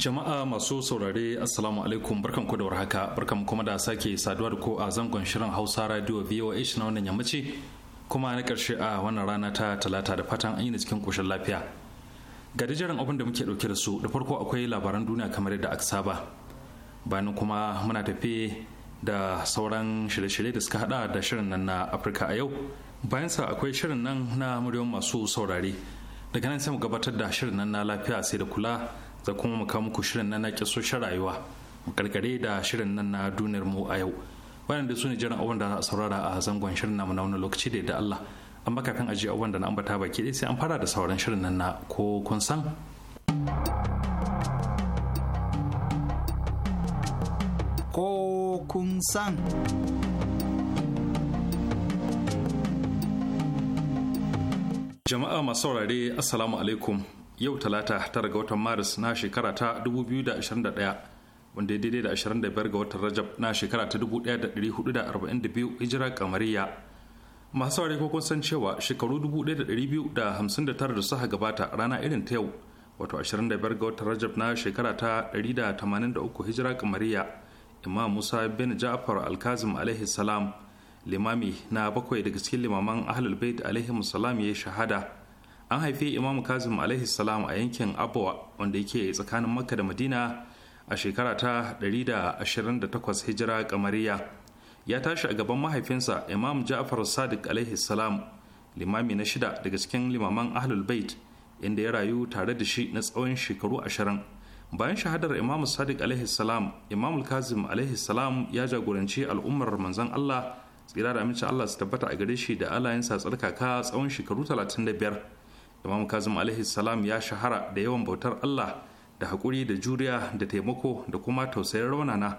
Jama'a masu saurare Assalamu alaikum barkan ku da warhaka barkan kuma da sake saduwa da ko a zangon shirin Hausa Radio shi na wannan yammaci kuma na karshe a wannan rana ta talata da fatan an yi cikin koshin lafiya. Ga dijiran abin da muke dauke da su da farko akwai labaran duniya kamar yadda aka saba. Bayan kuma muna tafi da sauran shirye-shirye da suka hada da shirin nan na Afirka a yau. Bayan sa akwai shirin nan na muryoyin masu saurare. Daga nan sai mu gabatar da shirin nan na lafiya sai da kula za kuma mu kawo muku shirin nan na kisoshin rayuwa mu karkare da shirin nan na duniyar mu a yau wannan da su ne jiran abin da za a saurara a zangon shirin namu na wani lokaci da da Allah amma kafin ajiye abin da na ambata baki dai sai an fara da sauran shirin nan na ko kun san ko kun san jama'a masu saurare assalamu alaikum yau talata tara ga watan maris na shekara ta 2021 wanda ya daidai da 25 ga watan rajab na shekara ta 1442 hijira kamariya masu saurari ko kun san cewa shekaru 1259 da suka gabata rana irin ta yau wato 25 ga watan rajab na shekara ta 183 hijira kamariya imam musa bin ja'far alkazim alaihi salam limami na bakwai daga cikin limaman ahlul bait alaihi salam ya shahada an haifi imam kazim alaihi salam a yankin abuwa wanda yake tsakanin makka da madina a shekara ta 128 hijira kamariya ya tashi a gaban mahaifinsa imam ja'far sadiq alaihi salam limami na shida daga cikin limaman ahlul bait inda ya rayu tare da shi na tsawon shekaru ashirin bayan shahadar imam sadiq alaihi salam imam kazim alaihi salam ya jagoranci al'ummar manzon allah tsira da amince allah su tabbata a gare shi da alayensa tsarkaka tsawon shekaru 35 imam kazim alaihi salam ya shahara da yawan bautar allah da haƙuri da juriya da taimako da kuma tausayin raunana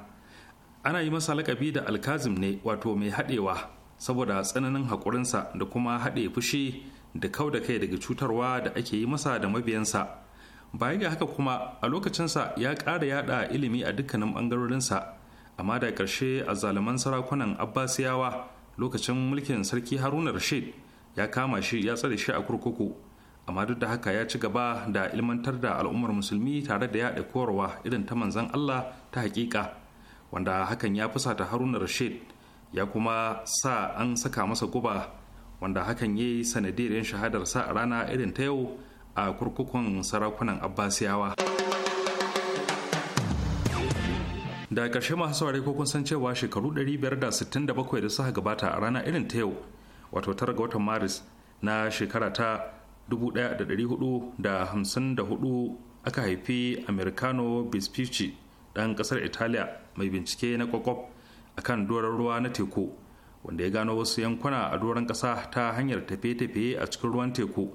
ana yi masa lakabi da alkazim ne wato mai haɗewa saboda tsananin haƙurinsa da kuma haɗe fushi da kau da kai daga cutarwa da ake yi masa da mabiyansa baya ga haka kuma a lokacinsa ya ƙara yada ilimi a dukkanin ɓangarorinsa amma da ƙarshe a zaluman sarakunan abbasiyawa lokacin mulkin sarki haruna rashid ya kama shi ya tsare shi a kurkuku amma duk da haka ya ci gaba da ilmantar da al'ummar musulmi tare da yaɗa korowa irin ta manzan Allah ta hakika wanda hakan ya ta haruna rashid ya kuma sa an saka masa guba wanda hakan ya yi shahadar sa a rana irin ta yau a kurkukun sarakunan abbasiyawa da karshe masu saurari ko kun san cewa shekaru 567 da suka gabata a rana irin ta yau wato tara ga watan maris na shekara ta 1454 aka haifi americano vespucci ɗan ƙasar italiya mai bincike na kwakwaf akan kan doron ruwa na teku wanda ya gano wasu yankuna a doron ƙasa ta hanyar tafiye-tafiye a cikin ruwan teku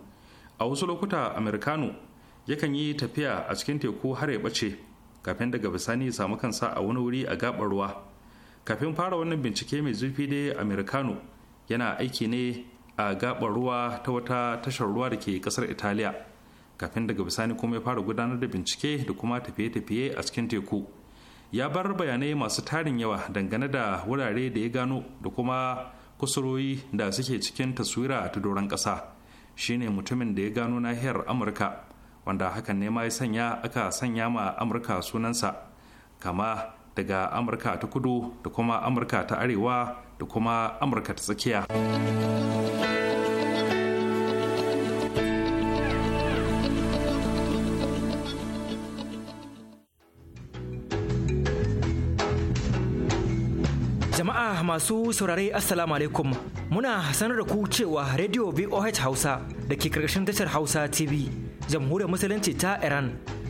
a wasu lokuta americano yakan yi tafiya a cikin teku har ya bace kafin daga bisani samu kansa a wani wuri a gabar ruwa kafin fara wannan bincike mai zurfi dai americano yana aiki ne a gaɓar ruwa ta wata tashar ruwa da ke ƙasar italiya kafin daga bisani kuma ya fara gudanar da bincike da kuma tafiye-tafiye a cikin teku ya bar bayanai masu tarin yawa dangane da wurare da ya gano da kuma kusuroyi da suke cikin taswira ta doron ƙasa shine mutumin da ya gano nahiyar amurka wanda hakan ne ma ya sanya aka sanya ma amurka sunansa kama daga amurka ta kudu da kuma amurka ta arewa da kuma amurka ta tsakiya jama'a masu saurare assalamu alaikum muna sanar da ku cewa radio voh hausa da ke karkashin tashar hausa tv jamhuriyar musulunci ta iran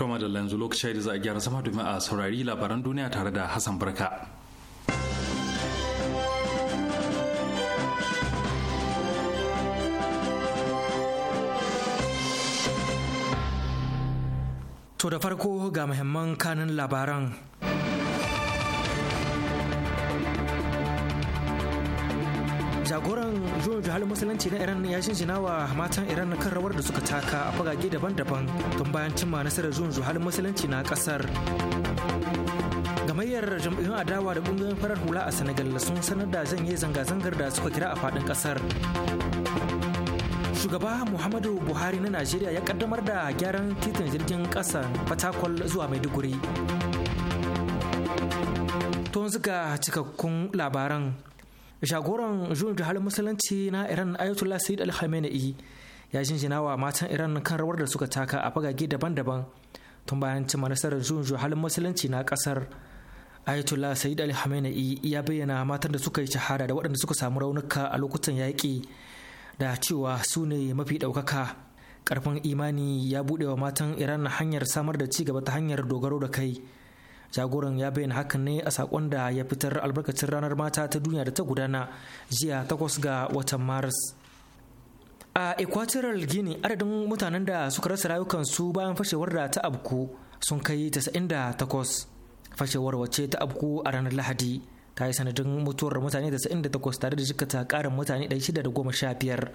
Toma da lanzu lokaci da za a gyara zama domin a saurari labaran duniya tare da Hassan Barka. To da farko ga muhimman kanin labaran jagoran juyin juhalin musulunci na iran ya jinjina wa matan iran kan rawar da suka taka a fagage daban-daban tun bayan cimma nasarar juyin juhalin musulunci na kasar gamayyar jam'iyyun adawa da ƙungiyoyin farar hula a senegal sun sanar da janye zanga-zangar da suka kira a faɗin ƙasar shugaba muhammadu buhari na najeriya ya kaddamar da gyaran titin jirgin ƙasa fatakwal zuwa maiduguri to yanzu cikakkun labaran jagoran juyin halin musulunci na iran ayatollah sayyid al khamenei ya jinjina wa matan iran kan rawar da suka taka a fagage daban-daban tun bayan cimma nasarar juyin halin musulunci na kasar ayatollah sayyid al khamenei ya bayyana matan da suka yi shahada da waɗanda suka samu raunuka a lokutan yaƙi da cewa su ne mafi ɗaukaka karfin imani ya buɗe wa matan iran hanyar samar da ci gaba ta hanyar dogaro da kai jagoran ya bayyana hakan ne a sakon da ya fitar albarkacin ranar mata ta duniya da ta gudana jiya takwas ga watan maris a equatorial guinea adadin mutanen da suka rasa rayukansu bayan fashewar da ta abku sun kai 98 fashewar wace ta abku a ranar lahadi ta yi sanadin mutuwar mutane 98 tare da jikata karin mutane 615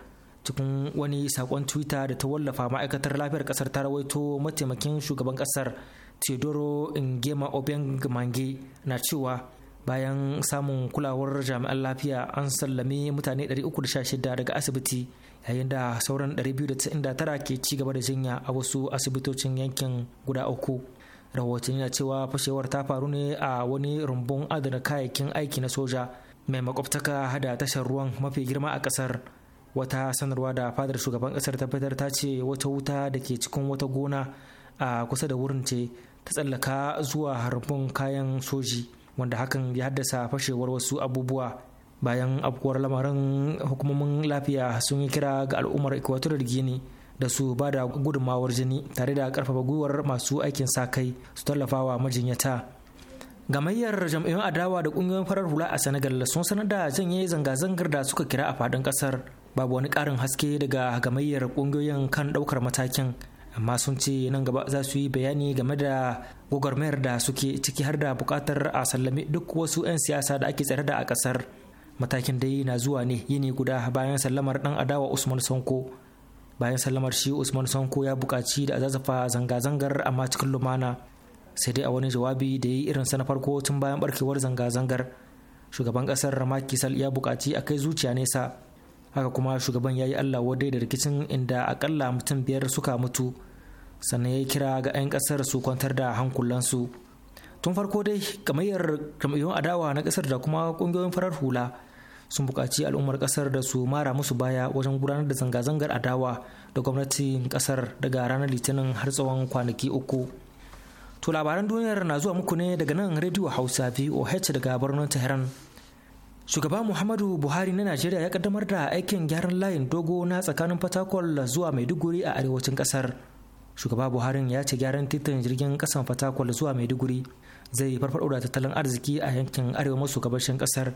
cikin wani sakon twitter da ta wallafa ma'aikatar lafiyar kasar ta rawaito mataimakin shugaban kasar teodoro ngema obeng mange na cewa bayan samun kulawar jami'an lafiya an sallame mutane 316 daga asibiti yayin da sauran 299 ke ci gaba da jinya a wasu asibitocin yankin guda uku rahoton yana cewa fashewar ta faru ne a wani rumbun adana kayayyakin aiki na soja mai makwabtaka hada tashar ruwan mafi girma a kasar wata sanarwa da fadar shugaban kasar ta fitar ta ce wata wuta da ke cikin wata gona a kusa da wurin ce ta tsallaka zuwa harbin kayan soji wanda hakan ya haddasa fashewar wasu abubuwa bayan abubuwar lamarin hukumomin lafiya sun yi kira ga al'ummar equatorial guinea da su ba da gudunmawar jini tare da karfafa gwiwar masu aikin sa kai su tallafawa majinyata gamayyar jam'iyyun adawa da kungiyoyin farar hula a senegal sun sanar da janye zanga-zangar da suka kira a fadin kasar babu wani karin haske daga gamayyar kungiyoyin kan ɗaukar matakin amma sun ce nan gaba za su yi bayani game da gwagwarmayar da suke ciki har da bukatar a sallami duk wasu 'yan siyasa da ake tsare da a kasar matakin dai na zuwa ne yini guda bayan sallamar dan adawa usman sanko bayan sallamar shi usman sonko ya bukaci da azazafa zanga-zangar amma cikin lumana sai dai a wani jawabi da ya yi irin sa na farko tun bayan barkewar zanga-zangar shugaban kasar Macky ya bukaci a kai zuciya nesa haka kuma shugaban ya yi allah wadai da rikicin inda akalla mutum biyar suka mutu sannan ya kira ga 'yan kasar su kwantar da hankulansu tun farko dai kamayyar kamayyun adawa na kasar da kuma kungiyoyin farar hula sun buƙaci al'ummar kasar da su mara musu baya wajen gudanar da zanga-zangar adawa da gwamnatin kasar daga ranar litinin har tsawon kwanaki uku to labaran duniyar na zuwa muku ne daga nan rediyo hausa voh daga birnin tehran Shugaba Muhammadu Buhari na Najeriya ya kaddamar da aikin gyaran layin dogo na tsakanin Fatakwal zuwa Maiduguri a arewacin kasar. shugaba buharin ya ce gyaran titin jirgin kasan fatakwal zuwa maiduguri zai farfaɗo da tattalin arziki a yankin arewa maso gabashin kasar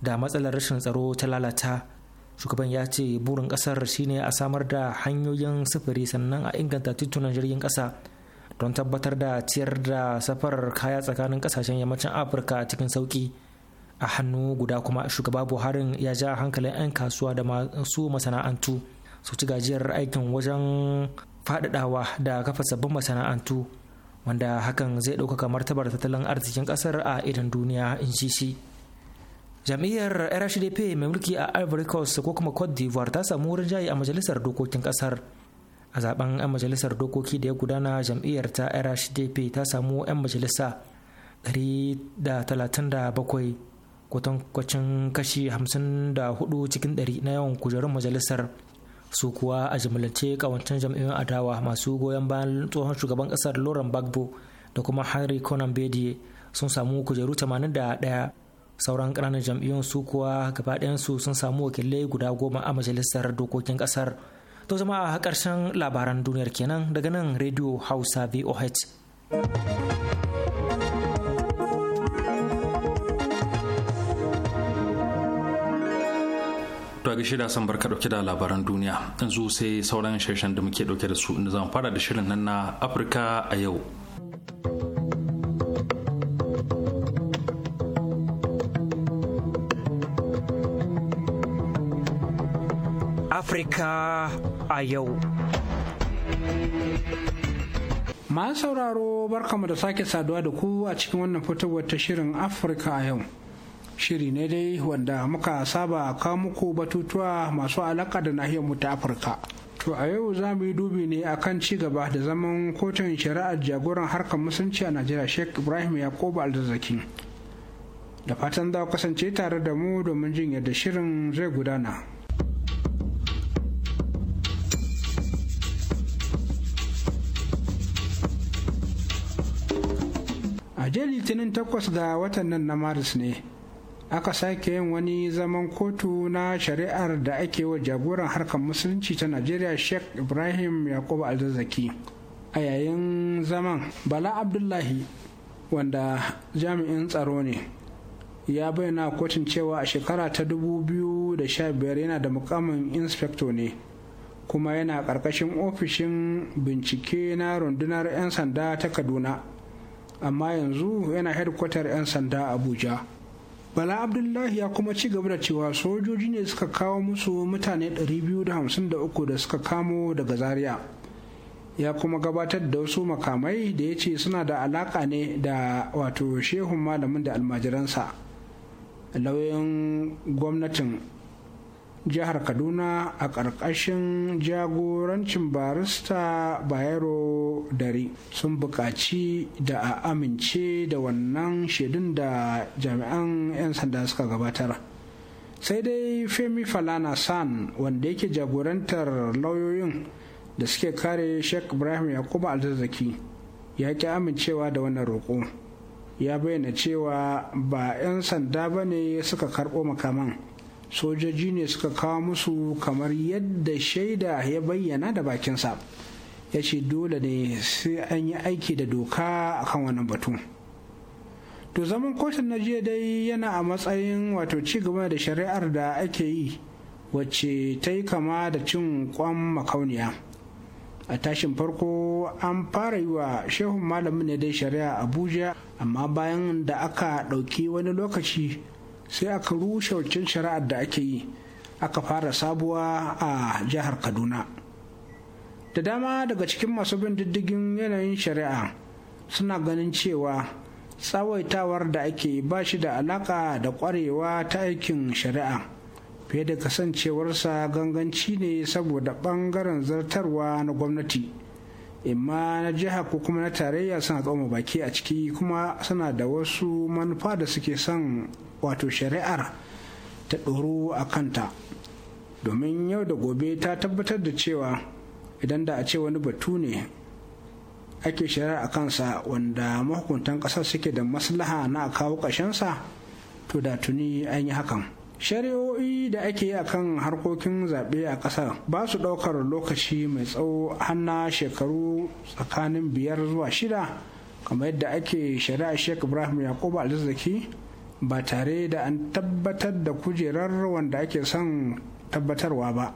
da matsalar rashin tsaro ta lalata shugaban ya ce burin kasar shine a samar da hanyoyin sufuri sannan a inganta titunan jirgin kasa don tabbatar da ciyar da safarar kaya tsakanin kasashen yammacin afirka cikin sauki a hannu guda kuma shugaba buharin ya ja hankalin 'yan kasuwa da masu masana'antu su ci gajiyar aikin wajen faɗaɗawa da kafa sabbin masana'antu wanda hakan zai ɗaukaka martabar tattalin arzikin ƙasar a idan duniya in shi shi jam'iyyar rshdp mai mulki a ivory coast ko kuma cote d'ivoire ta samu wurin jayi a majalisar dokokin ƙasar a zaben 'yan majalisar dokoki da ya gudana jam'iyyar ta rshdp ta samu 'yan majalisa 137 kwatankwacin kashi 54 cikin 100 na yawan kujerun majalisar su kuwa a jimlance kawancin jam'iyyun adawa masu goyon bayan tsohon shugaban kasar lauren bagbo da kuma henry conan bedie sun samu kujeru 81 sauran ƙananan jam'iyyun su kuwa gabaɗayansu sun samu wakilai guda goma a majalisar dokokin kasar to jama'a a ƙarshen labaran duniyar kenan daga nan radio hausa voh To ga shirya san barka dauke da labaran duniya yanzu sai sauran shirshen da muke dauke da su inda zan fara da shirin nan na Afirka a yau. Afirka a yau. Ma sauraro barkamu da sake saduwa da ku a cikin wannan fitowar ta shirin Afirka a yau. shiri ne dai wanda muka saba kawo muku batutuwa masu alaka da nahiyar mu ta afirka to a yau za mu yi dubi ne akan ci gaba da zaman kotun shari'ar jagoran harkar musulunci a najeriya sheikh ibrahim yakubu alzazzaki da fatan za kasance tare da mu domin jin yadda shirin zai gudana a jiya litinin takwas ga watan nan na maris ne aka sake yin wani zaman kotu na shari'ar da ake wa jagoran harkar musulunci ta najeriya sheikh ibrahim yakubu alzazzaki a yayin zaman bala abdullahi wanda jami'in tsaro ne ya bayyana kotun cewa a shekara ta 2015 yana da mukamin inspector ne kuma yana ƙarƙashin ofishin bincike na rundunar 'yan sanda ta kaduna amma yanzu yana hedkwatar 'yan sanda abuja bala abdullahi ya kuma ci gaba da cewa sojoji ne suka kawo musu mutane 253 da suka kamo daga zaria ya kuma gabatar da wasu makamai da ya ce suna da alaka ne da wato shehun malamin da almajiransa lauyan gwamnatin jihar kaduna a ƙarƙashin jagorancin barista bayero dari sun buƙaci da a amince da wannan shaidun da jami'an 'yan sanda suka gabatar sai dai femi falana san wanda yake jagorantar lauyoyin da suke kare sheikh ibrahim yakubu alzazzaki ya ki amincewa da wannan roƙo ya bayyana cewa ba 'yan sanda ba ne suka karɓo makaman sojoji ne suka kawo musu kamar yadda shaida ya bayyana da bakinsa ya ce dole ne sai an yi aiki da doka a kan wannan batu to zaman kotun na jiya dai yana a matsayin wato ci gaba da shari'ar da ake yi wacce ta yi kama da cin kwan makauniya a tashin farko an fara yi wa shehun malamin ne dai shari'a abuja amma bayan da aka ɗauki wani lokaci sai aka rushe waccan shari'ar da ake yi aka fara sabuwa a jihar kaduna da dama daga cikin masu bin diddigin yanayin shari'a suna ganin cewa tsawaitawar da ake ba shi da alaka da kwarewa ta aikin shari'a fiye da kasancewarsa ganganci ne saboda ɓangaren zartarwa na gwamnati imma na jiha ko kuma na tarayya suna tsoma baki a ciki kuma suna da wasu manufa da suke son wato shari'ar ta ɗoro a kanta domin yau da gobe ta tabbatar da cewa idan da a ce wani batu ne ake shari'ar a kansa wanda mahukuntan ƙasar suke da maslaha na kawo ƙashinsa to da tuni an yi hakan shari'o'i da ake yi akan harkokin zaɓe a ƙasar ba su ɗaukar lokaci mai tsawo hanna shekaru tsakanin biyar zuwa shida kamar yadda ake shari'a sheik ibrahim yakubu alzaki ba tare da an tabbatar da kujerar wanda ake son tabbatarwa ba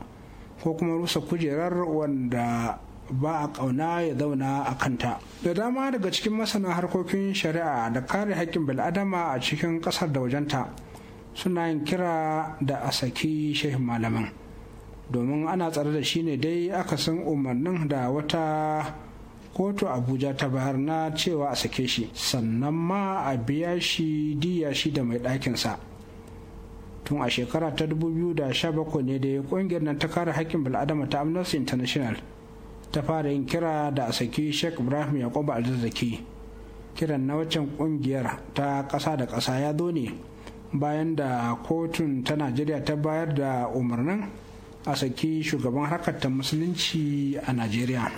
ko kuma rusa kujerar wanda ba a ƙauna ya zauna a kanta da dama daga cikin masana harkokin shari'a da kare haƙƙin bil'adama a cikin ƙasar da wajenta suna yin kira da a saki shehin malaman domin ana tsare da shi ne dai akasin umarnin da wata kotu abuja ta bayar na cewa a sake shi sannan ma a biya shi diya shi da mai ɗakinsa tun a shekara ta 2017 ne da ya ƙungiyar nan ta kare haƙƙin bil'adama ta amnesty international ta fara yin kira da a saki sheikh ibrahim yakubu alzazzaki kiran na waccan ƙungiyar ta ƙasa da ƙasa ya zo ne bayan da kotun ta najeriya ta bayar da umarnin a saki shugaban harkar musulunci a najeriya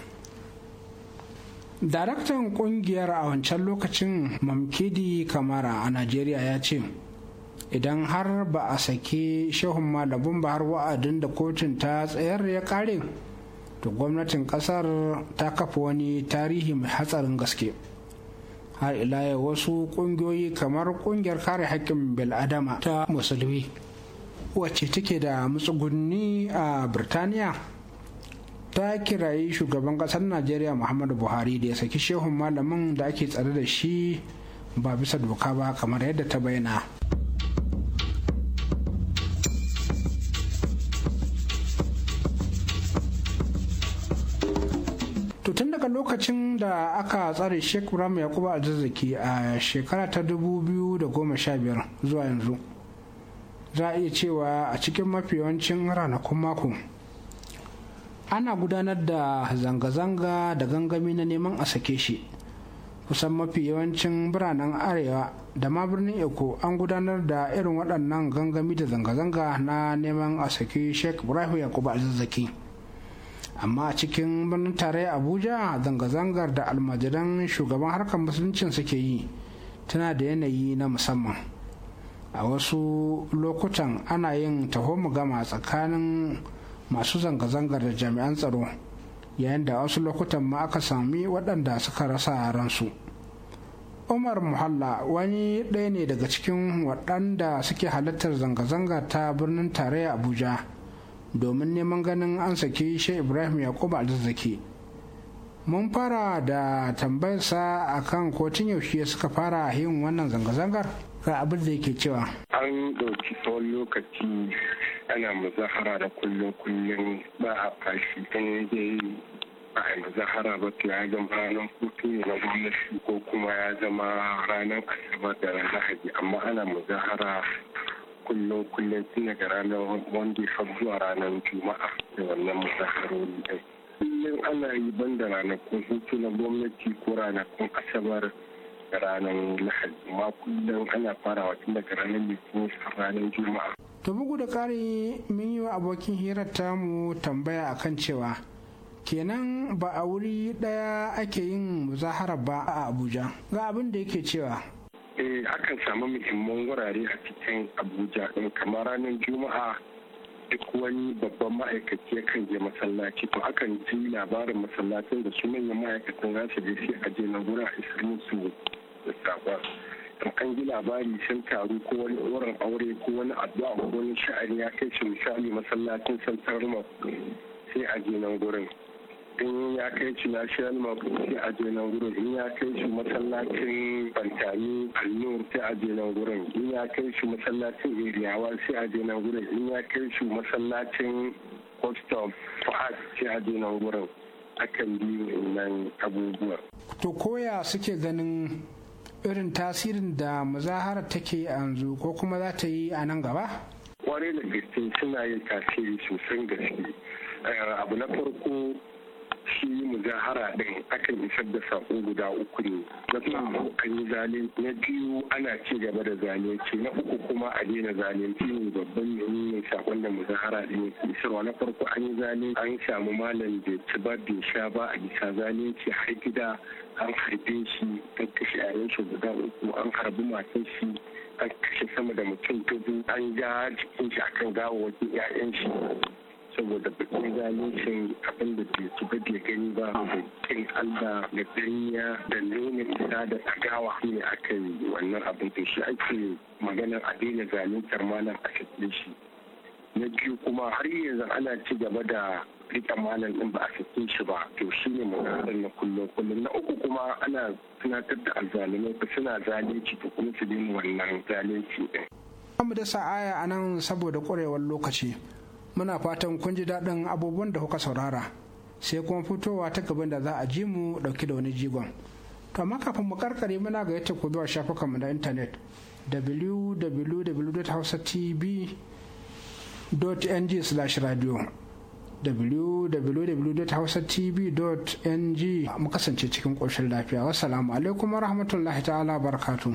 daraktan kungiyar a wancan lokacin mamkidi kamara a najeriya ya ce idan har ba a sake shehun malabun ba har wa'adin da kotun ta tsayar ya kare to gwamnatin kasar ta kafa wani tarihi mai hatsarin gaske har ila ya wasu kungiyoyi kamar kungiyar kare haƙƙin bil'adama ta musulmi wacce take da matsugunni a birtaniya ta kiraye shugaban kasar najeriya muhammadu buhari da ya saki shehun malamin da ake tsare da shi ba bisa doka ba kamar yadda ta bayyana tun daga lokacin da aka tsare sheikh ibrahim yakubu alzazzaki a shekara ta 2015 zuwa yanzu za a iya cewa a cikin mafi yawancin ranakun mako ana gudanar da zanga-zanga da gangami na neman a sake shi kusan mafi yawancin biranen arewa da ma birnin eko an gudanar da irin waɗannan gangami da zanga-zanga na neman a sake sheikh ibrahim yakubu azizzaki amma a cikin birnin tarayya abuja zanga-zangar da almajiran shugaban harkar musuluncin suke yi tana da yanayi na musamman a wasu lokutan ana yin taho mu gama tsakanin masu zanga-zangar da jami'an tsaro yayin da wasu lokutan ma aka sami waɗanda suka rasa ransu umar muhalla wani ɗaya ne daga cikin waɗanda suke halittar zanga-zanga ta birnin tarayya abuja domin neman ganin an saki shi ibrahim yakubu alzazzaki mun fara da tambayarsa a kan kotun yaushe suka fara yin wannan zanga-zangar ga abin da yake cewa an ɗauki tsawon lokaci ana muzahara da kullum kullum ba a fashi in dai ba a muzahara ba to ya zama ranar hutu na gwamnati ko kuma ya zama ranar asabar da ranar haji amma ana muzahara kullum kullum tun daga ranar wanda ya zuwa ranar juma'a da wannan muzaharori ɗin kullum ana yi ban da ranakun hutu na gwamnati ko ranakun asabar da ranar lahadi ma kullum ana farawa tun daga ranar litinin ranar juma'a to bugu da ƙari mun yi wa abokin hirar mu tambaya a kan cewa kenan ba a wuri ɗaya ake yin muzahara ba a abuja ga abin da yake cewa eh akan samu muhimman wurare a cikin abuja kamar ranar juma'a duk wani babban ma'aikaci kan je masallaci to akan ji labarin masallacin da su manyan ma'aikatan za su je sai a je na wurin a isar musu da sakon to kan ji labari sun taru ko wani wurin aure ko wani addu'a ko wani sha'ani ya kai shi misali masallacin central mosque sai a je nan gurin in ya kai shi national mosque sai a je nan gurin in ya kai shi masallacin bantami annur sai a je nan gurin in ya kai shi masallacin iriyawa sai a je nan gurin in ya kai shi masallacin of fahad sai a je nan gurin akan biyu nan abubuwa to koya suke ganin irin tasirin da muzahara take yanzu ko kuma za ta yi a nan gaba? Kwarai da gaske suna yin tasiri sosai gaske. Eh, abu na farko shi muzahara din akan isar da sako guda uku ne na farko an yi zane na biyu ana ci gaba da ce na uku kuma a daina shi ne babban mene ne sakon da muzahara din yake isarwa na farko an yi zane an samu malam da ci ba bai sha ba a bisa ce har gida an harbe shi ta kashe yayin shi guda uku an harbi matan shi an kashe sama da mutum dubu an ja jikin shi akan gawo wajen 'ya'yan shi saboda bai zalincin abin da ke tuba da gani ba kin Allah da danya da nuna isa da tsagawa ne aka yi wannan abin da shi ake maganar a daina zaluntar malam a cikin shi na biyu kuma har yanzu ana ci gaba da rika malam din ba a cikin shi ba to shi ne maganar na kullum kullum na uku kuma ana tunatar da alzalumai ba suna zalunci ta kuma su wannan zalunci din. Amma da sa'aya a nan saboda ƙwarewar lokaci. muna fatan kun ji daɗin abubuwan da kuka saurara sai kuma fitowa ta gaban da za a ji mu ɗauki da wani jigon to amma kafin mu karkare muna ga yadda ku zuwa mu na intanet www.hausatv.ng radio www.hausatv.ng mu kasance cikin ƙoshin lafiya wassalamu alaikum wa rahmatullahi ta'ala barakatuh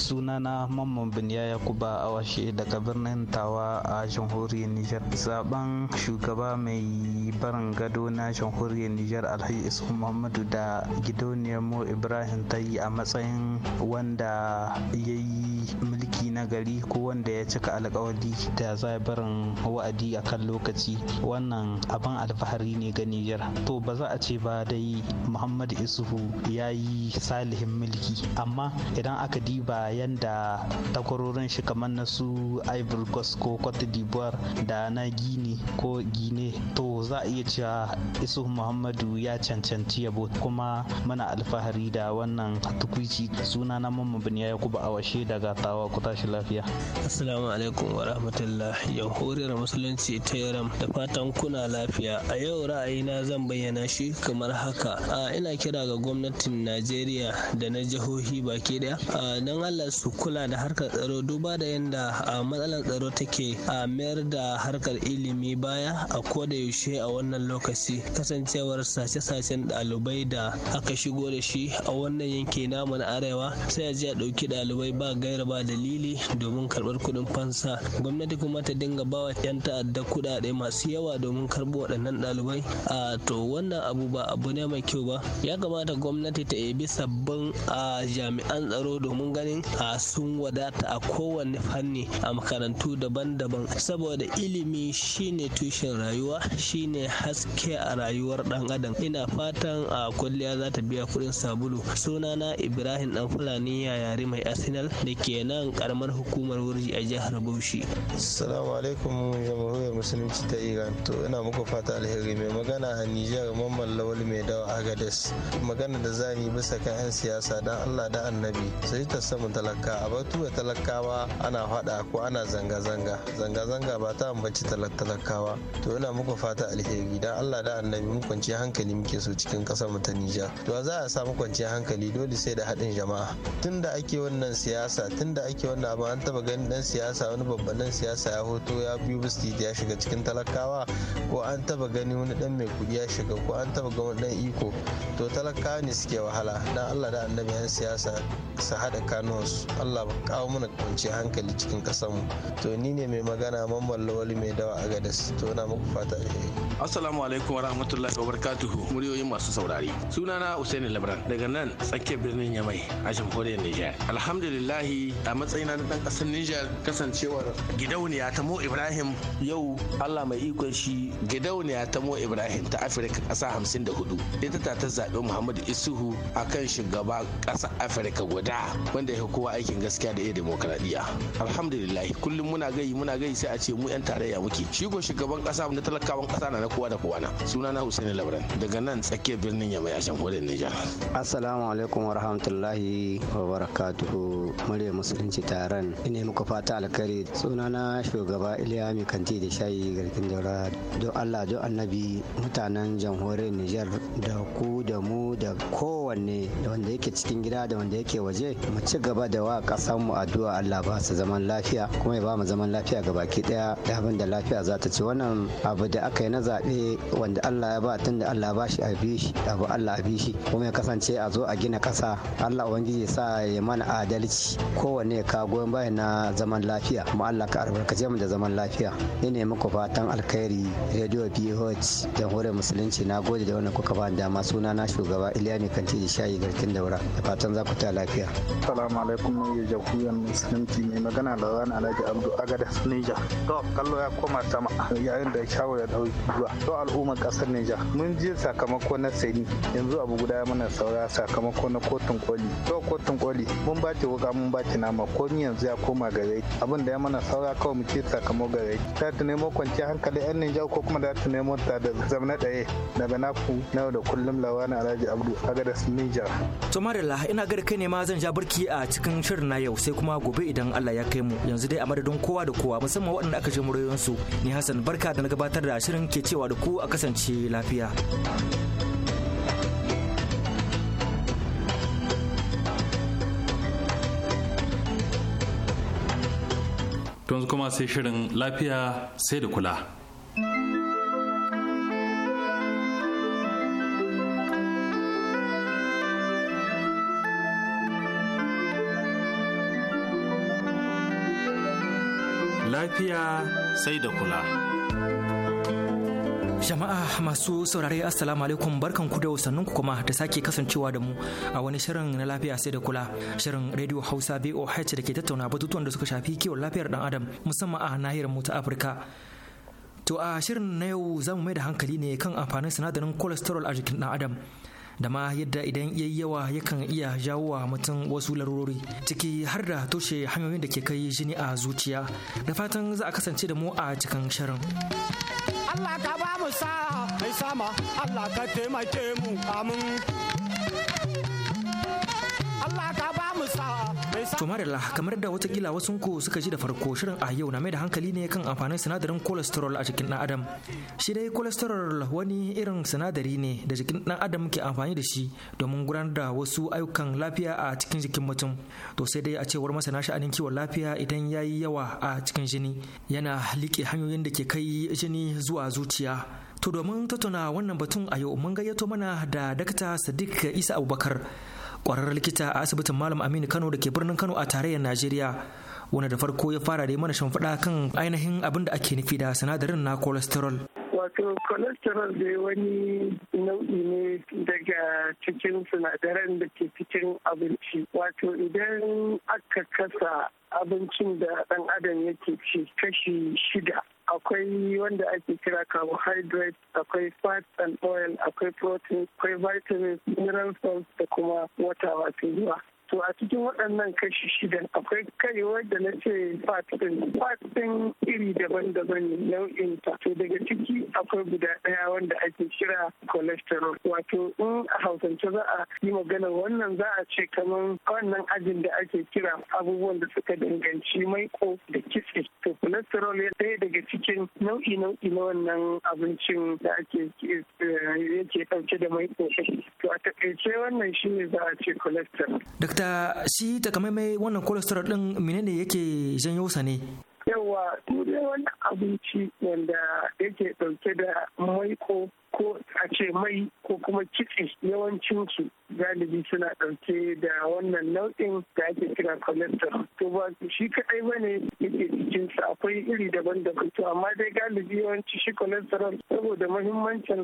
sunana mamman biniya yakuba awashe daga birnin tawa a jamhuriyar nijar zaben shugaba mai barin gado na jamhuriyar nijar alhaji isu muhammadu da gidauniyar mo ibrahim ta yi a matsayin wanda ya yi aiki na gari ko wanda ya cika alkawari da za barin wa'adi a kan lokaci wannan abin alfahari ne ga Nijar. To ba za a ce ba dai Muhammadu Isuhu ya yi salihin mulki amma idan aka diba yanda takwarorin shi kamar na su Ivory Coast ko Cote d'Ivoire da na Gini ko Gine to za a iya cewa Isuhu Muhammadu ya cancanci yabo kuma muna alfahari da wannan tukwici suna na Mamman Biniya a washe daga Tawa Kuta tashi lafiya assalamu alaikum wa rahmatullah jamhuriyar musulunci ta yaram da fatan kuna lafiya a yau ra'ayina zan bayyana shi kamar haka a ina kira ga gwamnatin najeriya da na jihohi baki ɗaya. a don allah su kula da harkar tsaro duba da yadda a matsalar tsaro take a mayar da harkar ilimi baya a da yaushe a wannan lokaci kasancewar sace-sacen ɗalibai da aka shigo da shi a wannan yanki namu na arewa sai a ji a ɗauki ɗalibai ba gaira ba dalili fili domin karɓar kuɗin fansa gwamnati kuma ta dinga bawa 'yan ta'adda kuɗaɗe masu yawa domin karɓo waɗannan ɗalibai a to wannan abu ba abu ne mai kyau ba ya kamata gwamnati ta ebi sabbin a jami'an tsaro domin ganin a sun wadata a kowane fanni a makarantu daban-daban saboda ilimi shine tushen rayuwa shine haske a rayuwar ɗan adam ina fatan a kwalliya za ta biya kuɗin sabulu sunana ibrahim ɗan fulani yare mai arsenal da ke nan karamar hukumar wurji a jihar Bauchi. Assalamu alaikum jamhuriyar musulunci ta Iran to ina muku fata alheri mai magana a Nijar Mamman Lawal mai dawa Agades magana da za yi bisa kan 'yan siyasa dan Allah da Annabi sai ta samu talaka a batu da talakawa ana fada ko ana zanga-zanga zanga-zanga ba ta ambaci talakawa to ina muku fata alheri dan Allah da Annabi mu kwanci hankali muke so cikin kasar mu ta Nijar to za a samu kwanci hankali dole sai da haɗin jama'a tunda ake wannan siyasa tunda ake wannan Allah an taba ganin dan siyasa wani babban dan siyasa ya hoto ya biyu bisti ya shiga cikin talakawa ko an taba gani wani dan mai kudi ya shiga ko an taba ga wani dan iko to talakawa ne suke wahala dan Allah da annabi yan siyasa su hada kanuwansu Allah ba kawo mana kwanci hankali cikin kasan mu to ni ne mai magana mamman lawali mai dawa a gadas to na muku fata assalamu alaikum wa rahmatullahi wa barakatuhu muryoyin masu saurari sunana Usaini Labran daga nan tsakiyar birnin Yamai a jamhuriyar Nijar alhamdulillah a matsayin na dan kasar Niger kasancewar gidauniya ta Mo Ibrahim yau Allah mai ikon shi gidauniya ta Mo Ibrahim ta Afirka kasa 54 ita ta ta zaɓi Muhammadu Isuhu akan shugaba ƙasa Afirka guda wanda ya kowa aikin gaskiya da iya demokradiyya alhamdulillah kullum muna gai muna gai sai a ce mu yan tarayya muke shi ko shugaban kasa na talakawan kasa na na kowa da kowa na suna na Hussein Labran daga nan tsakiyar birnin Yamai a jamhuriyar Niger assalamu alaikum wa rahmatullahi wa barakatuhu murya musulunci ta yaran ina muku fata alkhairi sunana shugaba iliya mai kanti da shayi garkin daura don allah don annabi mutanen jamhuriyar niger da ku da mu da kowanne da wanda yake cikin gida da wanda yake waje mu ci gaba da wa kasan mu addu'a allah ba su zaman lafiya kuma ya ba mu zaman lafiya ga baki daya da abin da lafiya za ta ci wannan abu da aka yi na zaɓe wanda allah ya ba tun da allah ba shi a bi shi abu allah a bi shi kuma ya kasance a zo a gina ƙasa allah ubangiji sa ya mana adalci kowanne ya goyon baya na zaman lafiya kuma Allah ka albarkace mu da zaman lafiya ina muku fatan alkhairi radio BH jamhuriyar musulunci na gode da wannan kuka bani dama suna na shugaba Iliya ne kanti da shayi garkin daura da fatan za ku ta lafiya assalamu alaikum mai jamhuriyar musulunci mai magana da zan Alhaji Abdu Agada Niger to kallo ya koma sama yayin da shawo ya dauki zuwa to al'ummar kasar Niger mun ji sakamako na sani yanzu abu guda mana saura sakamako na kotun koli to kotun koli mun ba ce wuka mun ba ce nama ko komi yanzu ya koma gare abin da ya mana saura kawai mu ce sakamo gare ta ta nemo kwanciyar hankali yan Nijar ko kuma da ta nemo ta da zamna ɗaya daga naku na da kullum lawana Alhaji Abdu aga da Nijar. To Marilla ina ga kai ne ma zan ja barki a cikin shirin na yau sai kuma gobe idan Allah ya kai mu yanzu dai a madadin kowa da kowa musamman waɗanda aka je murayensu ni Hassan barka da na gabatar da shirin ke cewa da ku a kasance lafiya. yanzu kuma sai shirin lafiya sai da kula lafiya sai da kula Jama'a masu saurare Assalamu alaikum barkan ku da wasannin ku kuma ta sake kasancewa da mu a wani shirin na lafiya sai da kula shirin Radio Hausa BOH da ke tattauna batutuwan da suka shafi kiwon lafiyar dan adam musamman a nahiyar mu ta Afirka. To a shirin na yau za mu mai da hankali ne kan amfanin sinadarin cholesterol a jikin dan adam da ma yadda idan yayi yawa yakan iya jawo wa mutum wasu larurori ciki har da toshe hanyoyin da ke kai jini a zuciya da fatan za a kasance da mu a cikin shirin. Allah ka ba mu sa mai sama Allah ka taimake mu amin To Marilla, kamar da watakila wasu ku suka ji da farko shirin a yau na mai da hankali ne kan amfanin sinadarin cholesterol a jikin ɗan adam. Shi dai cholesterol wani irin sinadari ne da jikin ɗan adam ke amfani da shi domin gudanar da wasu ayyukan lafiya a cikin jikin mutum. To sai dai a cewar masana sha'anin kiwon lafiya idan ya yi yawa a cikin jini yana liƙe hanyoyin da ke kai jini zuwa zuciya. To domin tattauna wannan batun a yau mun gayyato mana da Dakta Sadiq Isa Abubakar kwararren likita a asibitin malam aminu kano da ke birnin kano a tarayyar najeriya wanda da farko ya fara da mana shimfiɗa kan ainihin abin da ake nufi da sinadarin na cholesterol wato cholesterol dai wani nau'i ne daga cikin sinadaran da ke cikin abinci wato idan aka kasa abincin da ɗan adam yake ci kashi shida akwai wanda ake kira carbohydrate akwai fat and oil akwai protein akwai vitamins mineral salts da kuma wata wato ruwa to a cikin waɗannan kashi shidan akwai karewar da na ce fatin fatin iri daban-daban nau'in ta to daga ciki akwai guda ɗaya wanda ake kira cholesterol wato in a hausance za a yi magana wannan za a ce kamar wannan ajin da ake kira abubuwan da suka danganci maiko da kitse to cholesterol ya ɗaya daga cikin nau'i nau'i na wannan abincin da ake eh, yake ɗauke da maiko to a takaice wannan shine za a ce cholesterol ta shi takamaimai wannan cholesterol din menene yake janyo sa ne? Yawa, dole wani abinci wanda yake dauke da maiko ko a ce mai ko kuma kitse su galibi suna ɗauke da wannan nau'in da ake kira cholesterol to ba shi kaɗai ba ne yake sa akwai iri daban-daban to amma dai galibi yawanci shi cholesterol saboda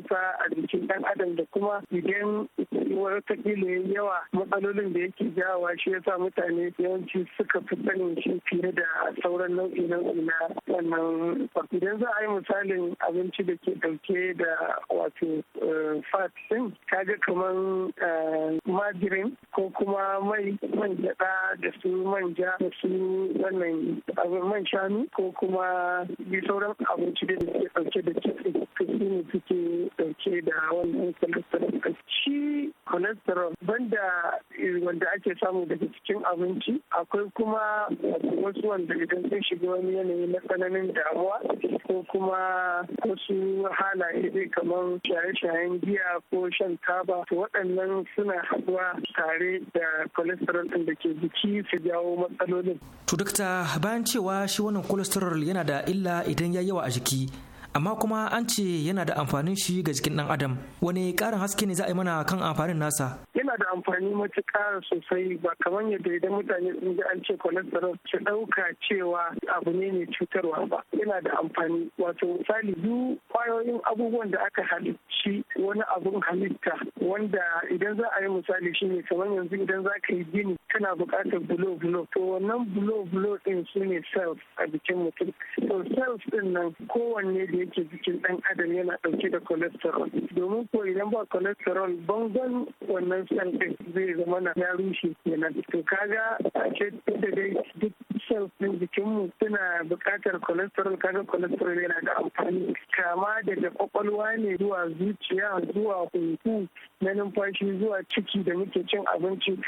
sa a jikin ɗan adam da kuma idan watakila ya yawa matsalolin da yake jawa shi yasa mutane yawanci suka fi sanin shi fiye da sauran nau'i nau'i na wannan idan za a yi misalin abinci da ke ɗauke da wato eh, fat ɗin kaga kamar eh, magirin ko kuma mai man gyaɗa da su manja da su wannan abin man shanu ko kuma bi sauran abinci da suke ɗauke da kitse su ne suke ɗauke da wannan cholesterol shi cholesterol banda wanda ake samu daga cikin abinci akwai kuma wasu wanda idan sun shiga wani yanayi na tsananin damuwa ko kuma wasu halaye kamar shaye-shayen giya ko shan taba to waɗannan sun suna haɗuwa tare da cholesterol ɗin da ke jiki su jawo matsalolin. To dokta bayan cewa shi wannan cholesterol yana da illa idan ya yawa a jiki amma kuma an ce yana da amfanin shi ga jikin ɗan adam wani karin haske ne za a yi mana kan amfanin nasa yana da amfani matuƙa sosai ba kamar yadda idan mutane sun ji an ce cholesterol su ɗauka cewa abu ne mai cutarwa ba yana da amfani wato misali duk kwayoyin abubuwan da aka halicci wani abun halitta wanda idan za a yi misali shi ne kamar yanzu idan za ka yi gini kana buƙatar bulo bulo to wannan bulo bulo ɗin su ne cells a jikin mutum to cells ɗin nan kowanne da yake jikin ɗan adam yana ɗauke da cholesterol domin ko idan ba cholesterol bangon wannan cell ɗin zai zama na ya rushe kenan to kaga a ce da dai duk cells ɗin jikinmu suna buƙatar cholesterol kaga cholesterol yana da amfani kama daga kwakwalwa ne zuwa zuciya zuwa hunku na numfashi zuwa ciki da muke cin abinci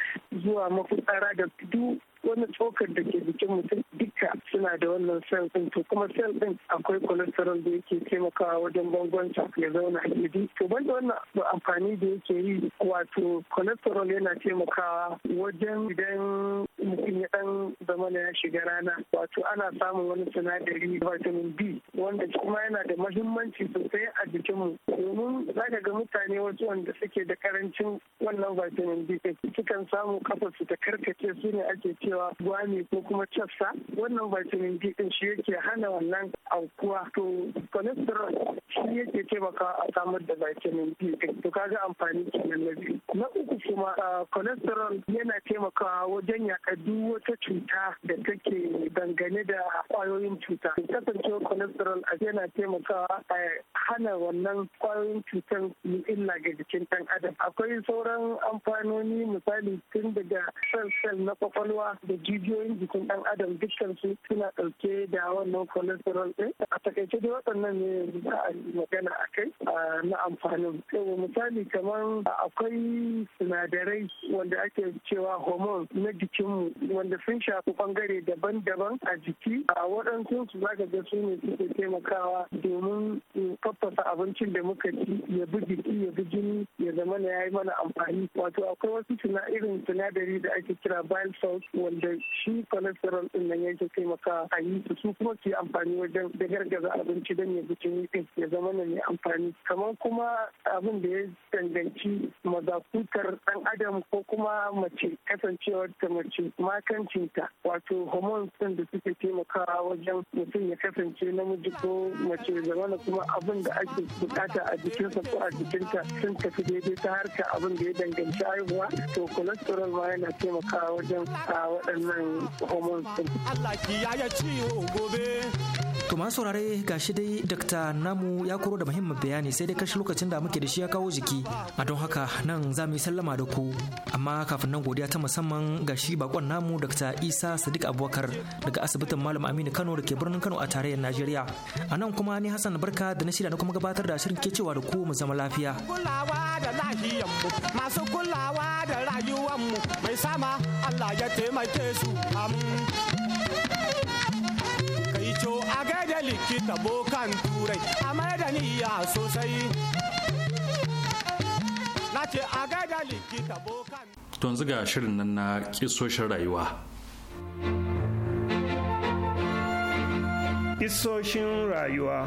zuwa mafitsara da duk wani tsokar da ke jikin mutum duka suna da wannan sel din to kuma sel din akwai cholesterol da yake taimakawa wajen bangon bangonta ya zauna a jiki to banda wannan amfani da yake yi wato cholesterol yana taimakawa wajen idan mutum ya dan zama ya shiga rana wato ana samun wani sinadari vitamin B wanda kuma yana da mahimmanci sosai a jikinmu domin zaka ga mutane wasu wanda suke da karancin wannan vitamin B sukan samu kafar su ta karkace su ne ake cewa gwami ko kuma cafsa wannan vitamin B din shi yake hana wannan aukuwa to cholesterol shi yake taimakawa a samar da vitamin B din to kaga amfani kenan na biyu na uku kuma ah, cholesterol yana taimakawa wajen ya yaƙa duk wata cuta da take dangane da kwayoyin cuta kasancewa cholesterol yana taimakawa a hana wannan kwayoyin cutan yin illa ga jikin ɗan adam akwai sauran amfanoni misali tun daga sel-sel na kwakwalwa da jijiyoyin jikin ɗan adam dukkan su suna ɗauke da wannan cholesterol ɗin a takaice dai waɗannan ne za a magana a kai na amfanin yau misali kamar akwai sinadarai wanda ake cewa hormone na jikinmu wanda sun shafi bangare daban-daban a jiki a waɗansu su zaka ga su ne suke taimakawa domin faffasa abincin da muka ci ya bi jiki ya bi jini ya zama na ya yi mana amfani wato akwai wasu suna irin sinadari da ake kira bile salt wanda shi cholesterol din nan yake taimaka a yi su kuma su amfani wajen da gargaza abinci don ya bi jini din ya zama na mai amfani kamar kuma abin da ya danganci mazakutar dan adam ko kuma mace kasancewar ta mace makancinta wato hormones din da suke taimakawa wajen mutum ya kasance namiji ko mace zamana kuma abin da ake bukata a jikinsa ko a jikinta sun tafi daidai ta harka abin da ya danganci haihuwa to cholesterol ma yana taimakawa wajen waɗannan hormones din. Allah ya ciwo gobe. To saurare ga gashi dai Dr. Namu ya koro da muhimmin bayani sai dai kashi lokacin da muke da shi ya kawo jiki. A don haka nan za mu yi sallama da ku. Amma kafin nan godiya ta musamman ga shi bako bakon namu Dr. Isa Sadiq Abubakar daga asibitin Malam Aminu Kano da ke birnin Kano a tarayyar Najeriya. A nan kuma ni Hassan Barka da na shirya na kuma gabatar da shirin ke cewa da ku mu zama lafiya. Kulawa da lahiyanmu masu kulawa da rayuwanmu mai sama Allah ya taimake su Kai co a gaida likita bokan turai a mai da niyya sosai. Na ce a gaida likita bokan Tun ziga shirin nan na kisoshin rayuwa. Kisoshin rayuwa.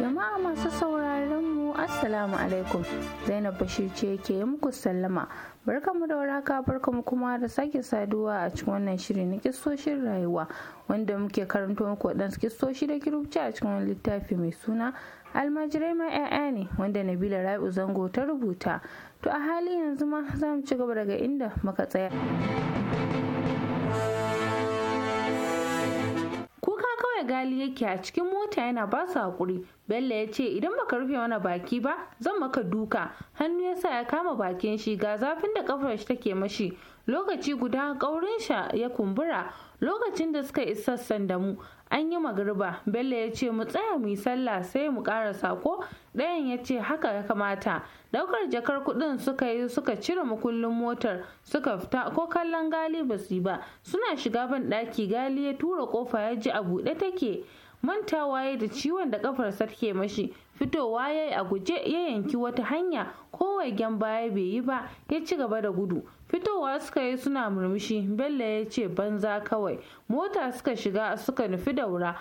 Jama'a masu sauraron mu Assalamu alaikum Zainab Bashir ce ke muku sallama. Barkamu da waraka barkamu kuma da sake saduwa a cikin wannan shirin na kisoshin rayuwa wanda muke karanto muku waɗansu kisoshi da kirubci a cikin wani littafi mai suna almajirai ma 'ya'ya ne wanda nabila rabi'u zango ta rubuta to a hali yanzu ma za mu ci gaba daga inda muka tsaya kuka kawai gali yake a cikin mota yana ba su haƙuri bello ya ce idan baka rufe mana baki ba zan maka duka hannu ya sa ya kama bakin shi ga zafin da kafar shi take mashi lokaci guda kaurin sha ya kumbura lokacin da suka isa mu an yi magarba bello ya ce mu tsaya mu yi sallah sai mu ƙara sako ɗayan ya ce haka ya kamata daukar jakar kuɗin suka yi suka cire mukullin motar suka fita ko kallon gali ba yi ba suna shiga ban ɗaki gali ya tura kofa ya ji a buɗe take mantawa ya da ciwon da kafarsa take mashi fitowa ya a guje ya yanki wata hanya ko gyan baya bai yi ba ya ci gaba da gudu fitowa suka yi suna murmushi bello ya ce banza kawai mota suka shiga suka nufi daura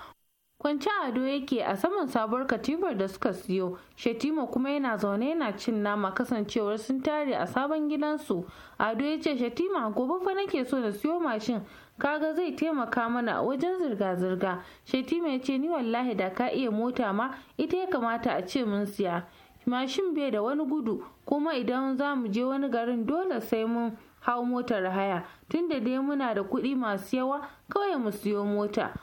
kwanci ado yake a saman sabuwar katifar da suka siyo shetima kuma yana zaune yana cin nama kasancewar sun tare a sabon gidansu ado ya ce shetima gobe fa nake so na siyo mashin kaga zai taimaka mana wajen zirga-zirga shetima ya ce ni wallahi da ka iya mota ma ita ya kamata a ce mun siya mashin bai da wani gudu kuma idan za mu je wani garin dole sai mun hau motar haya tunda dai muna da kuɗi masu yawa kawai mu siyo mota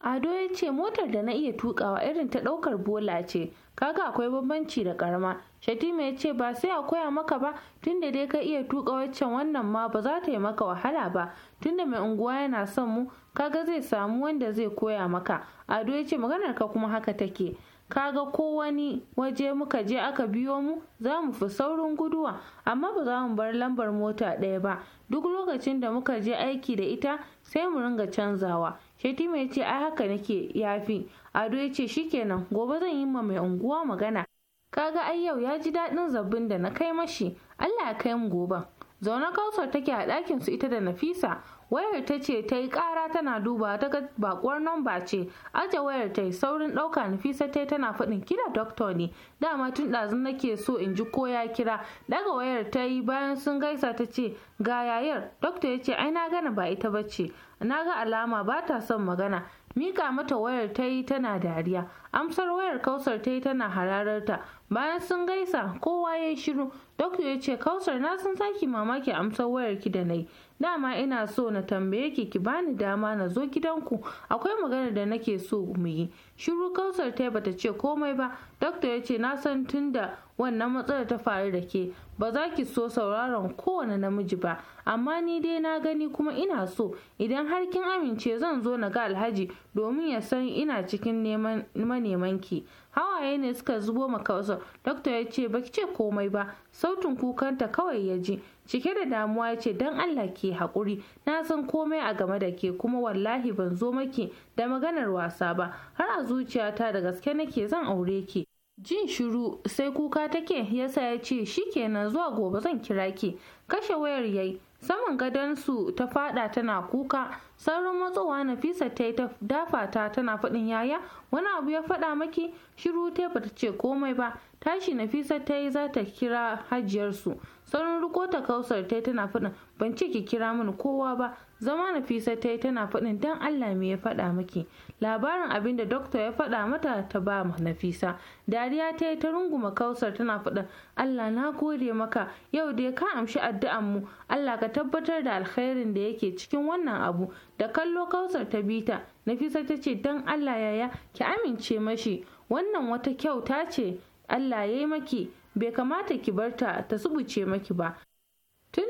ado ya ce motar da na iya tukawa irin ta ɗaukar bola ce kaga akwai bambanci da karama shatima ya ce ba sai a koya maka ba tunda dai ka iya tuka waccan wannan ma ba za ta yi maka wahala ba tunda mai unguwa yana son mu kaga zai samu wanda zai koya maka ado ya ce maganar ka kuma haka take kaga ko wani waje muka je aka biyo mu za mu fi saurin guduwa amma ba za mu bar lambar mota ɗaya ba duk lokacin da muka je aiki da ita sai mu ringa canzawa shetima ya ce ai haka nake yafi ado ya ce shikenan gobe zan yi ma mai unguwa magana kaga ai yau ya ji daɗin zabbin da na kai mashi allah ya kai mu gobe zaune kausar take a ɗakin su ita da nafisa wayar ta ce ta yi ƙara tana duba ta ga bakuwar namba ce aje wayar ta yi saurin ɗauka nafisa ta tana faɗin kira doktor ne dama tun ɗazun nake so in ji ko ya kira daga wayar ta yi bayan sun gaisa ta ce ga yayar doktor ya ce ai na gana ba ita bace na ga alama ba ta son magana mika mata wayar ta yi tana dariya amsar wayar kausar ta yi tana hararta bayan sun gaisa kowa ya yi shiru dokta ya ce kausar na sun saki mamaki amsar wayar ki da na yi dama ina so na tambaye ki ki bani dama na zo gidanku akwai magana da nake so mu yi shiru kausar ta bata ce komai ba dokta ya ce na san tunda wannan matsalar ta faru da ke ba za ki so sauraron kowane namiji ba amma ni dai na gani kuma ina so idan har kin amince zan zo na ga alhaji domin ya san ina cikin neman neman ki hawaye ne suka zubo ma kausar dokta ya ce baki ce komai ba sautin kukanta kawai ya ji cike da damuwa ya ce don allah ke haƙuri na san komai a game da ke kuma wallahi ban zo maki da maganar wasa ba har a zuciyata da gaske nake zan aure ki jin shiru sai kuka take yasa ya ce shikenan zuwa gobe zan kira ki kashe wayar yayi saman gadonsu ta fada tana kuka sauran matsowa nafisa ta yi ta dafa ta tana faɗin yaya wani abu ya faɗa maki shiru ta bata ce komai ba tashi nafisa ta yi za ta kira hajiyarsu sauran riko ta kausar ta tana faɗin ban ce ki kira mini kowa ba zama nafisa ta yi tana faɗin dan allah me ya faɗa maki labarin abin da dokta ya faɗa mata ta ba nafisa dariya ta yi ta runguma kausar tana faɗa allah na gode maka yau dai ka amshi addu'an mu allah ka tabbatar da alkhairin da yake cikin wannan abu da kallo kausar ta bita nafisa ta ce don allah yaya ki amince mashi wannan wata kyauta ce allah ya yi maki bai kamata ki barta ta subuce maki ba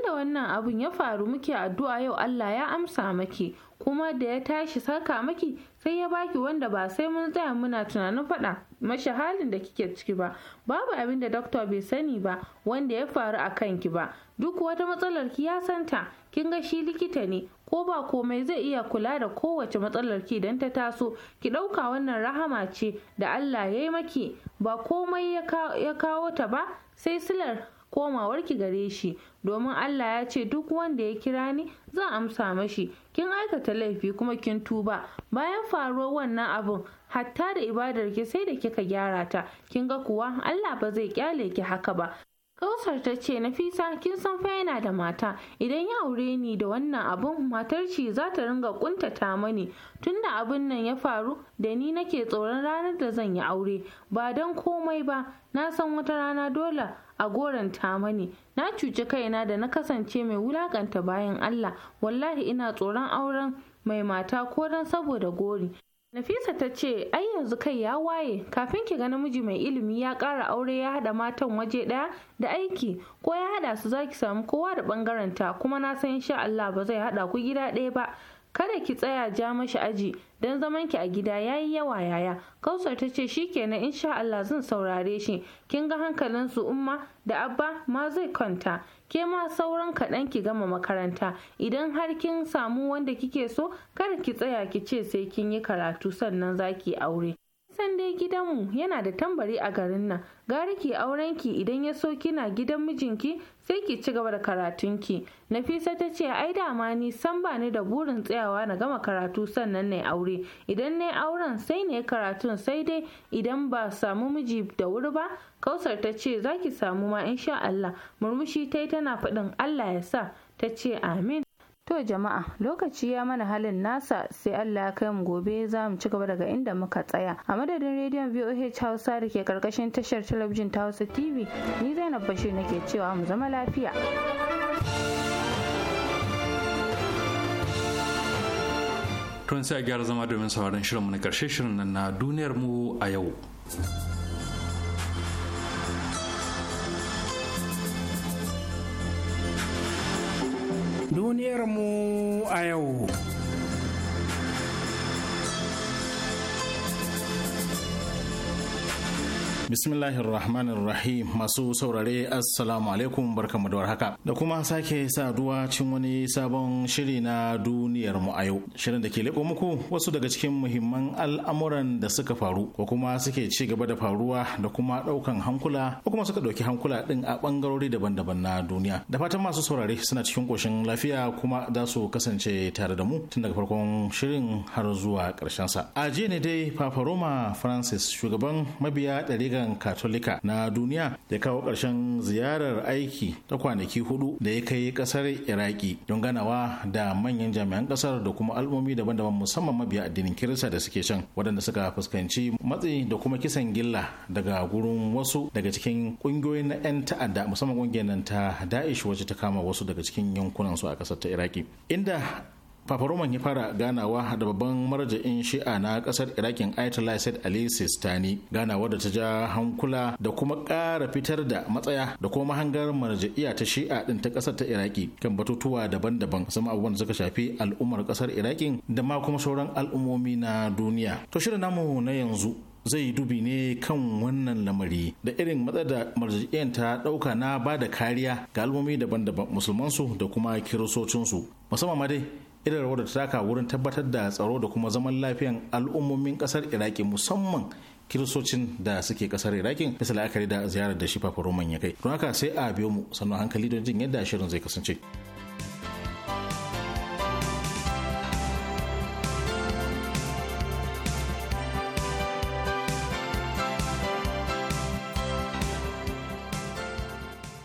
da wannan abun ya faru muke addu'a yau Allah ya amsa maki kuma da ya tashi saka maki sai ya baki wanda ba sai mun tsaya muna tunanin faɗa mashi halin da kike ciki ba babu abin da dokta bai sani ba wanda ya faru a kanki ba duk wata matsalar ki ya santa kin ga shi likita ne ko ba komai zai iya kula da kowace matsalar ki dan ta taso ki ɗauka wannan rahama ce da Allah ya yi maki ba komai ya kawo ta ba sai silar komawarki gare shi domin Allah ya ce duk wanda ya kira ni zan amsa mashi kin aikata laifi kuma kin tuba bayan faruwar wannan abun hatta da ibadar ki sai da kika gyara ta kin ga kuwa Allah ba zai kyale ki haka ba Kausar ta ce Nafisa kin san fa yana da mata idan ya aure ni da wannan abun matar ci za ta ringa kuntata mani tunda abun nan ya faru da ni nake tsoron ranar da zan yi aure ba don komai ba na san wata rana dole a goron goranta mani na cuci kaina da na kasance mai wulakanta bayan Allah wallahi ina tsoron auren mai mata ko dan saboda gori Nafisa ta ce ai yanzu kai ya waye kafin ki ga namiji mai ilimi ya ƙara aure ya haɗa matan waje ɗaya da aiki ko ya haɗa su za ki samu kowa da ɓangaren ta kuma na san insha Allah ba zai haɗa ku gida ɗaya ba kada ki tsaya ja mashi aji dan zaman ki a gida yayi yawa yaya kausar ta ce shikenan insha Allah zan saurare shi kin ga hankalin su umma da abba ma zai kwanta ke ma sauran kaɗan ki gama makaranta idan har kin samu wanda kike so kar ki tsaya ki ce sai kin yi karatu sannan zaki ki aure san dai gidanmu yana da tambari a garin nan gari ki aurenki idan ya so kina gidan mijinki sai ki ci gaba da karatunki nafisa ta ce ai dama ni san ba ni da burin tsayawa na gama karatu sannan na aure idan na auren sai na karatun sai dai idan ba samu miji da wuri ba kausar ta ce za ki samu ma insha Allah murmushi ta yi tana faɗin Allah ya sa ta ce amin To jama'a lokaci ya mana halin nasa sai Allah ya kai mu gobe za mu ci gaba daga inda muka tsaya. A madadin rediyon VOH Hausa da ke karkashin tashar talabijin ta Hausa TV ni Zainab Bashir nake cewa mu zama lafiya. Tun sai gyara zama domin sauraron shirinmu na karshe shirin na duniyar mu a yau. duniyarmu a yau. bismillahir rahmanir rahim masu saurare assalamu alaikum barkamu da warhaka da kuma sake saduwa cikin wani sabon shiri na duniyar mu a yau shirin da ke leko muku wasu daga cikin muhimman al'amuran da suka faru ko kuma suke ci gaba da faruwa da kuma daukan hankula ko kuma suka dauki hankula din a bangarori daban-daban na duniya da fatan masu saurare suna cikin koshin lafiya kuma za su kasance tare da mu tun daga farkon shirin har zuwa karshen sa a jiya ne dai papa roma francis shugaban mabiya ɗarigan jami'an katolika na duniya ya kawo ƙarshen ziyarar aiki ta kwanaki hudu da ya kai ƙasar iraki don ganawa da manyan jami'an ƙasar da kuma al'ummomi daban-daban musamman mabiya addinin kirista da suke can wadanda suka fuskanci matsi da kuma kisan gilla daga gurin wasu daga cikin ƙungiyoyi na 'yan ta'adda musamman ƙungiyar nan ta da'ish wacce ta kama wasu daga cikin yankunan su a ƙasar ta iraki inda Fafaroman ya fara ganawa da babban marja'in shi'a na kasar Irakin Ayatollah Said Ali Sistani ganawa da ta ja hankula da kuma ƙara fitar da matsaya da kuma hangar marja'iya ta shi'a din ta kasar ta Iraki kan batutuwa daban-daban sama abubuwan da suka shafi al'ummar kasar Irakin da ma kuma sauran al'ummomi na duniya. To shirin namu na yanzu zai dubi ne kan wannan lamari da irin matsa da marjiyan ta dauka na bada kariya ga al'ummomi daban-daban musulmansu da kuma kirisocinsu musamman ma dai irin rawar da ta taka wurin tabbatar da tsaro da kuma zaman lafiyan al'ummomin kasar iraki musamman kiristocin da suke kasar irakin bisa la'akari da ziyarar da shi papa roman ya kai don haka sai a biyo mu sannan hankali don jin yadda shirin zai kasance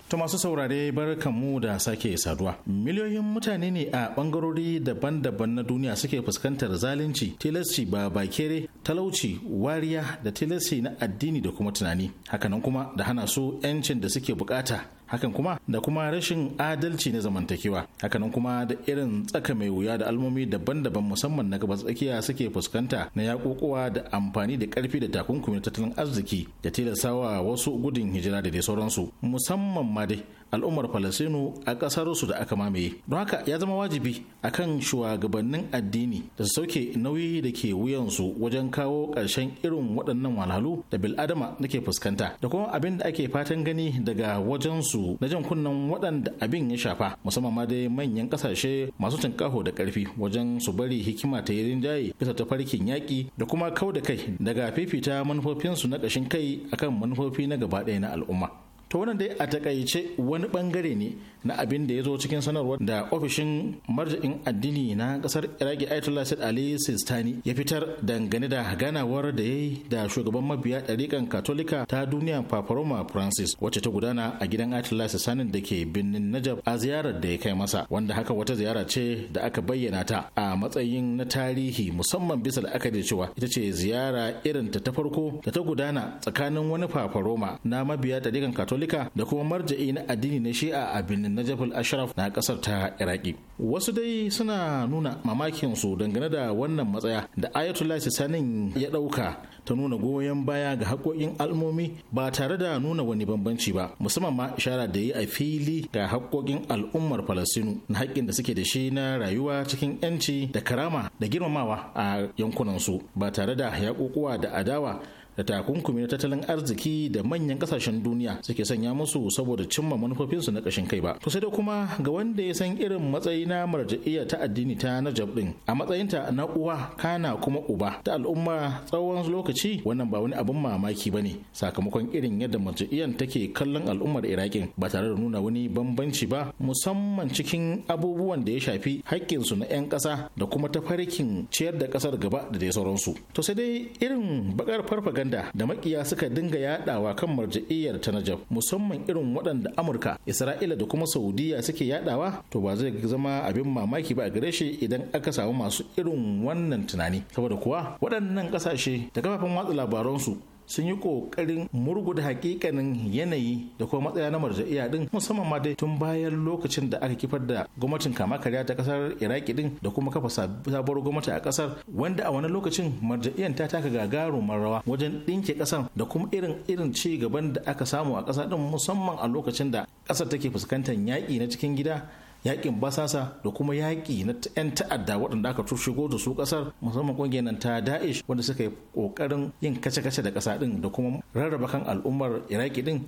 To masu saurare mu da sake saduwa. Miliyoyin mutane ne a bangarori daban-daban na duniya suke fuskantar zalunci, tilasci ba bakere, talauci, wariya da tilasci na addini da kuma tunani. Hakanan kuma da hana su 'yancin da suke bukata hakan kuma da kuma rashin adalci na zamantakewa hakanan kuma da irin tsaka mai wuya da almomi daban-daban musamman na gabas tsakiya suke fuskanta na yakokuwa da amfani da karfi da takunkumin tattalin arziki da tilastawa wasu gudun hijira da dai sauransu musamman ma dai al'ummar Falasino a ƙasarsu da aka mamaye don haka ya zama wajibi a kan shugabannin addini da su sauke nauyi da ke wuyansu wajen kawo ƙarshen irin waɗannan walhalu da bil'adama na ke fuskanta da kuma abin da ake fatan gani daga wajensu na jan kunnen waɗanda abin ya shafa musamman ma dai manyan ƙasashe masu tunƙaho da ƙarfi wajen su bari hikima ta yi rinjaye bisa farkin yaƙi da kuma kau da kai daga fifita manufofinsu na ƙashin kai akan manufofi na gaba ɗaya na al'umma. to wannan dai a takaice wani bangare ne na abin da ya zo cikin sanarwar da ofishin marja'in addini na kasar iraki ayatollah said ali sistani ya fitar dangane da ganawar da ya yi da shugaban mabiya ɗarikan katolika ta duniya paparoma francis wacce ta gudana a gidan ayatollah sistani da ke birnin najab a ziyarar da ya kai masa wanda haka wata ziyara ce da aka bayyana ta a matsayin na tarihi musamman bisa da aka cewa ita ce ziyara irin ta ta farko da ta gudana tsakanin wani paparoma na mabiya ɗarikan katolika da kuma marja'i na addini na shi'a a birnin najaf al-ashraf na kasar ta iraki wasu dai suna nuna mamakin su dangane da wannan matsaya da ayatollah sisanin ya dauka ta nuna goyon baya ga haƙoƙin al'ummomi ba tare da nuna wani bambanci ba musamman ma ishara da yi a fili ga haƙoƙin al'ummar falastinu na haƙƙin da suke da shi na rayuwa cikin 'yanci da karama da girmamawa a yankunansu ba tare da yaƙuƙuwa da adawa da takunkumi na tattalin arziki da manyan kasashen duniya suke sanya musu saboda cimma manufofinsu na kashin kai ba kusa da kuma ga wanda ya san irin matsayi na marja'iyya ta addini ta najab ɗin a matsayinta na uwa kana kuma uba ta al'umma tsawon lokaci wannan ba wani abin mamaki ba ne sakamakon irin yadda marja'iyyar take kallon al'ummar iraƙin ba tare da nuna wani bambanci ba musamman cikin abubuwan da ya shafi haƙƙinsu na 'yan ƙasa da kuma tafarkin ciyar da ƙasar gaba da dai sauransu to sai dai irin bakar farfaganda propaganda da makiya suka dinga yadawa kan marja'iyyar ta najaf musamman irin waɗanda amurka isra'ila da kuma saudiya suke yadawa to ba zai zama abin mamaki ba a gare shi idan aka samu masu irin wannan tunani saboda kuwa waɗannan ƙasashe da kafafen watsa labaransu sun yi kokarin murguda hakikanin yanayi da kuma matsaya na marja'iya din musamman ma dai tun bayan lokacin da aka kifar da gwamnatin kama karya ta kasar iraki din da kuma kafa sabuwar gwamnati a kasar wanda a wani lokacin marja'iyan ta taka gagarumar rawa wajen dinke kasar da kuma irin irin ci gaban da aka samu a kasar din musamman a lokacin da kasar take fuskantar yaƙi na cikin gida yakin basasa da kuma yaƙi na 'yan ta'adda waɗanda aka shigo da su ƙasar musamman ƙungiyar nan ta da'ish wanda suka yi ƙoƙarin yin kace-kace da ƙasa ɗin da kuma rarraba kan al'ummar iraki ɗin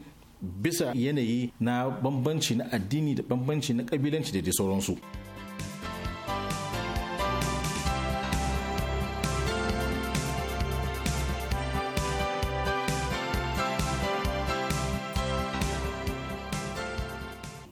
bisa yanayi na bambanci na addini da bambanci na ƙabilanci da dai sauransu.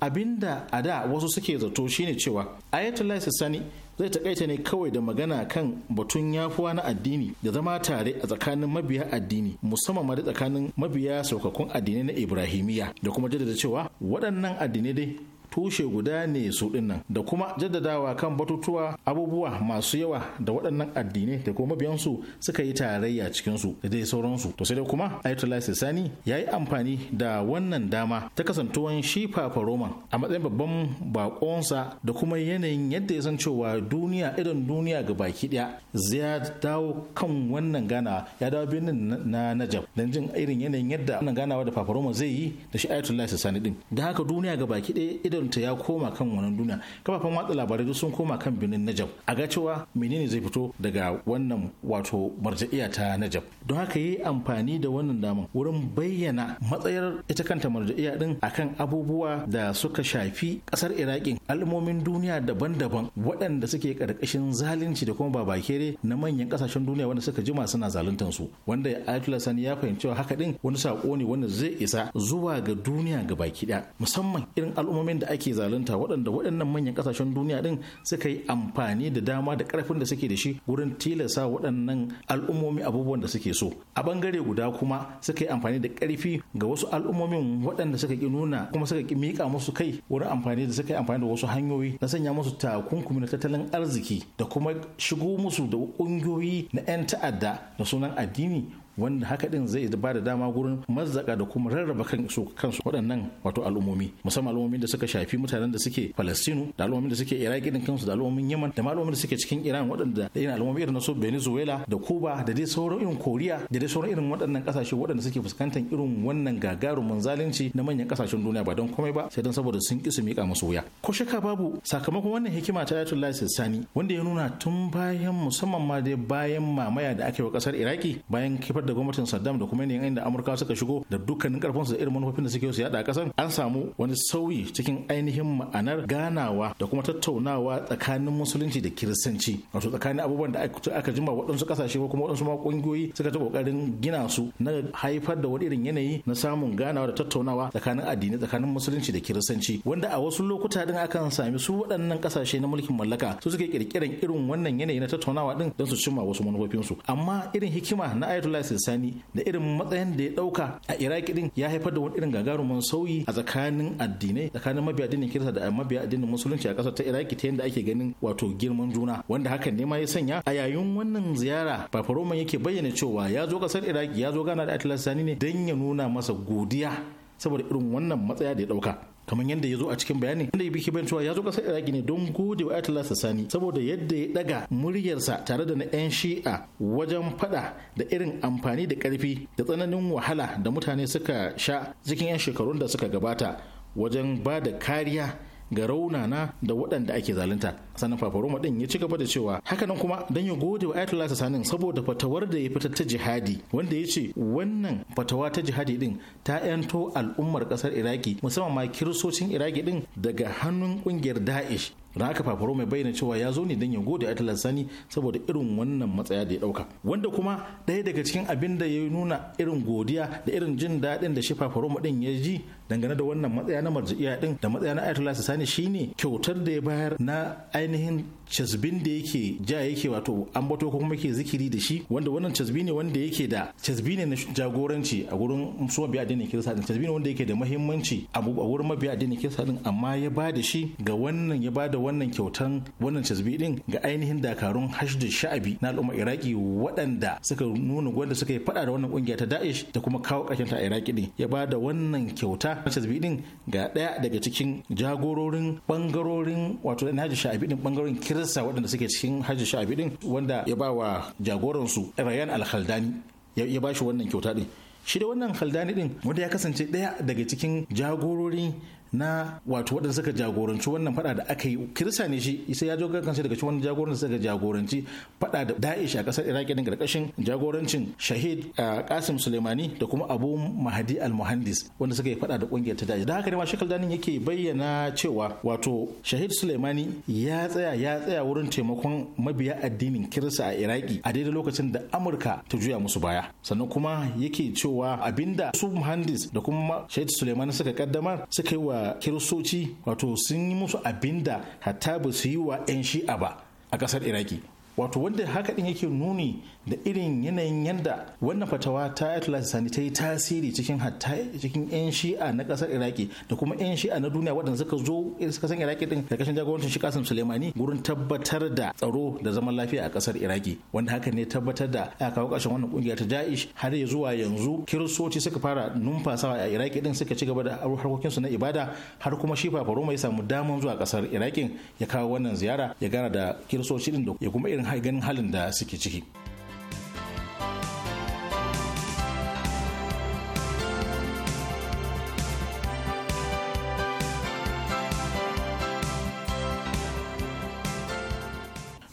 abinda a da wasu suke zato shine cewa ayatollah sani zai takaita ne kawai da magana kan batun yafuwa na addini da zama tare a tsakanin mabiya addini musamman ma da tsakanin mabiya saukakkun addinai na Ibrahimiyya da kuma jaddada cewa waɗannan addinai dai tushe guda ne su dinnan da kuma jaddadawa kan batutuwa abubuwa masu yawa da waɗannan addinai da kuma mabiyansu suka yi tarayya cikin su da dai sauransu to sai dai kuma ayatollah sani ya yi amfani da wannan dama ta kasantuwan shi papa Roma a matsayin babban baƙonsa. da kuma yanayin yadda ya san cewa duniya irin duniya ga baki ɗaya ya dawo kan wannan gana ya dawo birnin na najab don jin irin yanayin yadda wannan ganawa da papa Roma zai yi da shi ayatollah sani din da haka duniya ga baki daya idonta ya koma kan wannan duniya kafafen watsa labarai duk sun koma kan binin najab a ga cewa menene zai fito daga wannan wato marja'iya ta najab don haka yi amfani da wannan daman wurin bayyana matsayar ita kanta marja'iya din akan abubuwa da suka shafi kasar iraki al'ummomin duniya daban-daban waɗanda suke ƙarƙashin zalunci da kuma babakere na manyan ƙasashen duniya wanda suka jima suna zaluntar su wanda ayatollah sani ya fahimci cewa haka din wani sako ne wanda zai isa zuwa ga duniya ga baki ɗaya musamman irin al'ummomin da ake zalunta waɗanda waɗannan manyan ƙasashen duniya din suka yi amfani da dama da ƙarfin da suke da shi wurin tilasa waɗannan al'ummomi abubuwan da suke so a bangare guda kuma suka yi amfani da ƙarfi ga wasu al'ummomin waɗanda suka ki nuna kuma suka ki miƙa musu kai wurin amfani da suka yi amfani da wasu hanyoyi na sanya musu takunkumi na tattalin arziki da kuma shigo musu da ƙungiyoyi na 'yan ta'adda na sunan addini wanda haka din zai ba da dama gurin mazzaka da kuma rarraba kansu kansu waɗannan wato al'ummomi musamman al'ummomin da suka shafi mutanen da suke Falastinu da al'ummomin da suke Iraki din kansu da al'ummomin Yemen da al'ummomin da suke cikin Iran waɗanda da irin al'ummomi irin na su Venezuela da Cuba da dai sauran irin Koriya da dai sauran irin waɗannan ƙasashe waɗanda suke fuskantar irin wannan gagarumin zalunci na manyan ƙasashen duniya ba don komai ba sai don saboda sun ƙi su miƙa musu wuya ko shaka babu sakamakon wannan hikima ta Ayatollah Sani wanda ya nuna tun bayan musamman ma dai bayan mamaya da aka yi wa ƙasar Iraki bayan kifar da gwamnatin Saddam da kuma yanayin da Amurka suka shigo da dukkanin karfinsu da irin manufofin da suke su yada kasan an samu wani sauyi cikin ainihin ma'anar ganawa da kuma tattaunawa tsakanin musulunci da kiristanci wato tsakanin abubuwan da aka jima waɗansu kasashe ko kuma waɗansu ma ƙungiyoyi suka ta ƙoƙarin gina su na haifar da wani irin yanayi na samun ganawa da tattaunawa tsakanin addini tsakanin musulunci da kiristanci wanda a wasu lokuta din akan sami su waɗannan kasashe na mulkin mallaka su suke kirkiran irin wannan yanayi na tattaunawa din don su cimma wasu manufofinsu amma irin hikima na ayatollah yasir sani da irin matsayin da ya dauka a iraki din ya haifar da wani irin gagarumin sauyi a tsakanin addinai tsakanin mabiya addinin kirista da mabiya addinin musulunci a kasar ta iraki ta yadda ake ganin wato girman juna wanda hakan ne ma ya sanya a yayin wannan ziyara papa roman yake bayyana cewa ya zo kasar iraki ya zo gana da atlas sani ne don ya nuna masa godiya saboda irin wannan matsaya da ya dauka kamar yadda ya zo a cikin bayani inda ya biki cewa ya zo kasar iraki ne don gode wa ayatollah sassani saboda yadda ya daga muryarsa tare da na yan shi'a wajen fada da irin amfani da karfi da tsananin wahala da mutane suka sha cikin yan shekarun da suka gabata wajen ba da kariya ga raunana da waɗanda ake zalunta sannan fafaroma din ya ci gaba da cewa hakanan kuma dan ya gode wa ayatollah sasanin saboda fatawar da ya fitar ta jihadi wanda ya ce wannan fatawa ta jihadi din ta yanto al'ummar kasar iraki musamman ma kirsocin iraki din daga hannun kungiyar da'ish da aka fafaro mai bayyana cewa ya zo ne don ya gode Ayatollah Sani saboda irin wannan matsaya da ya dauka wanda kuma ɗaya daga cikin abin da ya nuna irin godiya da irin jin daɗin da shi fafaro ɗin ya ji dangane da wannan matsaya na marji'iya din da matsaya na ayatollah sani shine kyautar da ya bayar na ainihin casbin da yake ja yake wato ambato ko kuma yake zikiri da shi wanda wannan casbi ne wanda yake da casbi ne na jagoranci a gurin musu mabiya addinin kirista din casbi ne wanda yake da muhimmanci a gurin mabiya addinin kirista din amma ya ba da shi ga wannan ya ba da wannan kyautan wannan casbi din ga ainihin dakarun da sha'abi na al'umma iraki waɗanda suka nuna gwanda suka yi fada da wannan kungiya ta da'ish da kuma kawo ƙarshen a iraki din ya ba da wannan kyauta Francis Bidin ga ɗaya daga cikin jagororin bangarorin wato na hajji sha'abi din bangarorin kirista waɗanda suke cikin hajji sha'abi din wanda ya ba wa jagoransu rayan alhaldani ya ba shi wannan kyauta din shi da wannan haldani din wanda ya kasance ɗaya daga cikin jagororin na wato waɗanda suka jagoranci wannan fada da aka yi kirista ne shi sai ya jogar kansa daga cikin wani jagoran suka jagoranci fada da Daesh a ƙasar Iraki din karkashin jagorancin Shahid Qasim Suleimani da kuma Abu Mahdi Al-Muhandis wanda suka yi fada da kungiyar ta Daesh. Da haka ne ma Shekul Danin yake bayyana cewa wato Shahid Suleimani ya tsaya ya tsaya wurin taimakon mabiya addinin kirista a Iraki a daidai lokacin da Amurka ta juya musu baya. Sannan kuma yake cewa abinda su Muhandis da kuma Shahid Suleimani suka kaddamar suka yi wa wa wato sun yi musu abinda hatta ba su yi wa 'yan shi'a ba a kasar iraki wato wanda haka din yake nuni da irin yanayin yanda wannan fatawa ta Atlas Sani ta yi tasiri cikin hatta cikin yan shi'a na kasar Iraki da kuma yan shi'a na duniya waɗanda suka zo suka san Iraki din karkashin jagorancin shi Kasim sulemani gurin tabbatar da tsaro da zaman lafiya a kasar Iraki wanda haka ne tabbatar da aka kawo ƙarshen wannan kungiya ta Daesh har ya zuwa yanzu kiristoci suka fara numfasawa a Iraki din suka ci gaba da harkokinsu na ibada har kuma shi Papa mai samu damar zuwa kasar iraki ya kawo wannan ziyara ya gana da kiristoci din da ya kuma irin ganin halin da suke ciki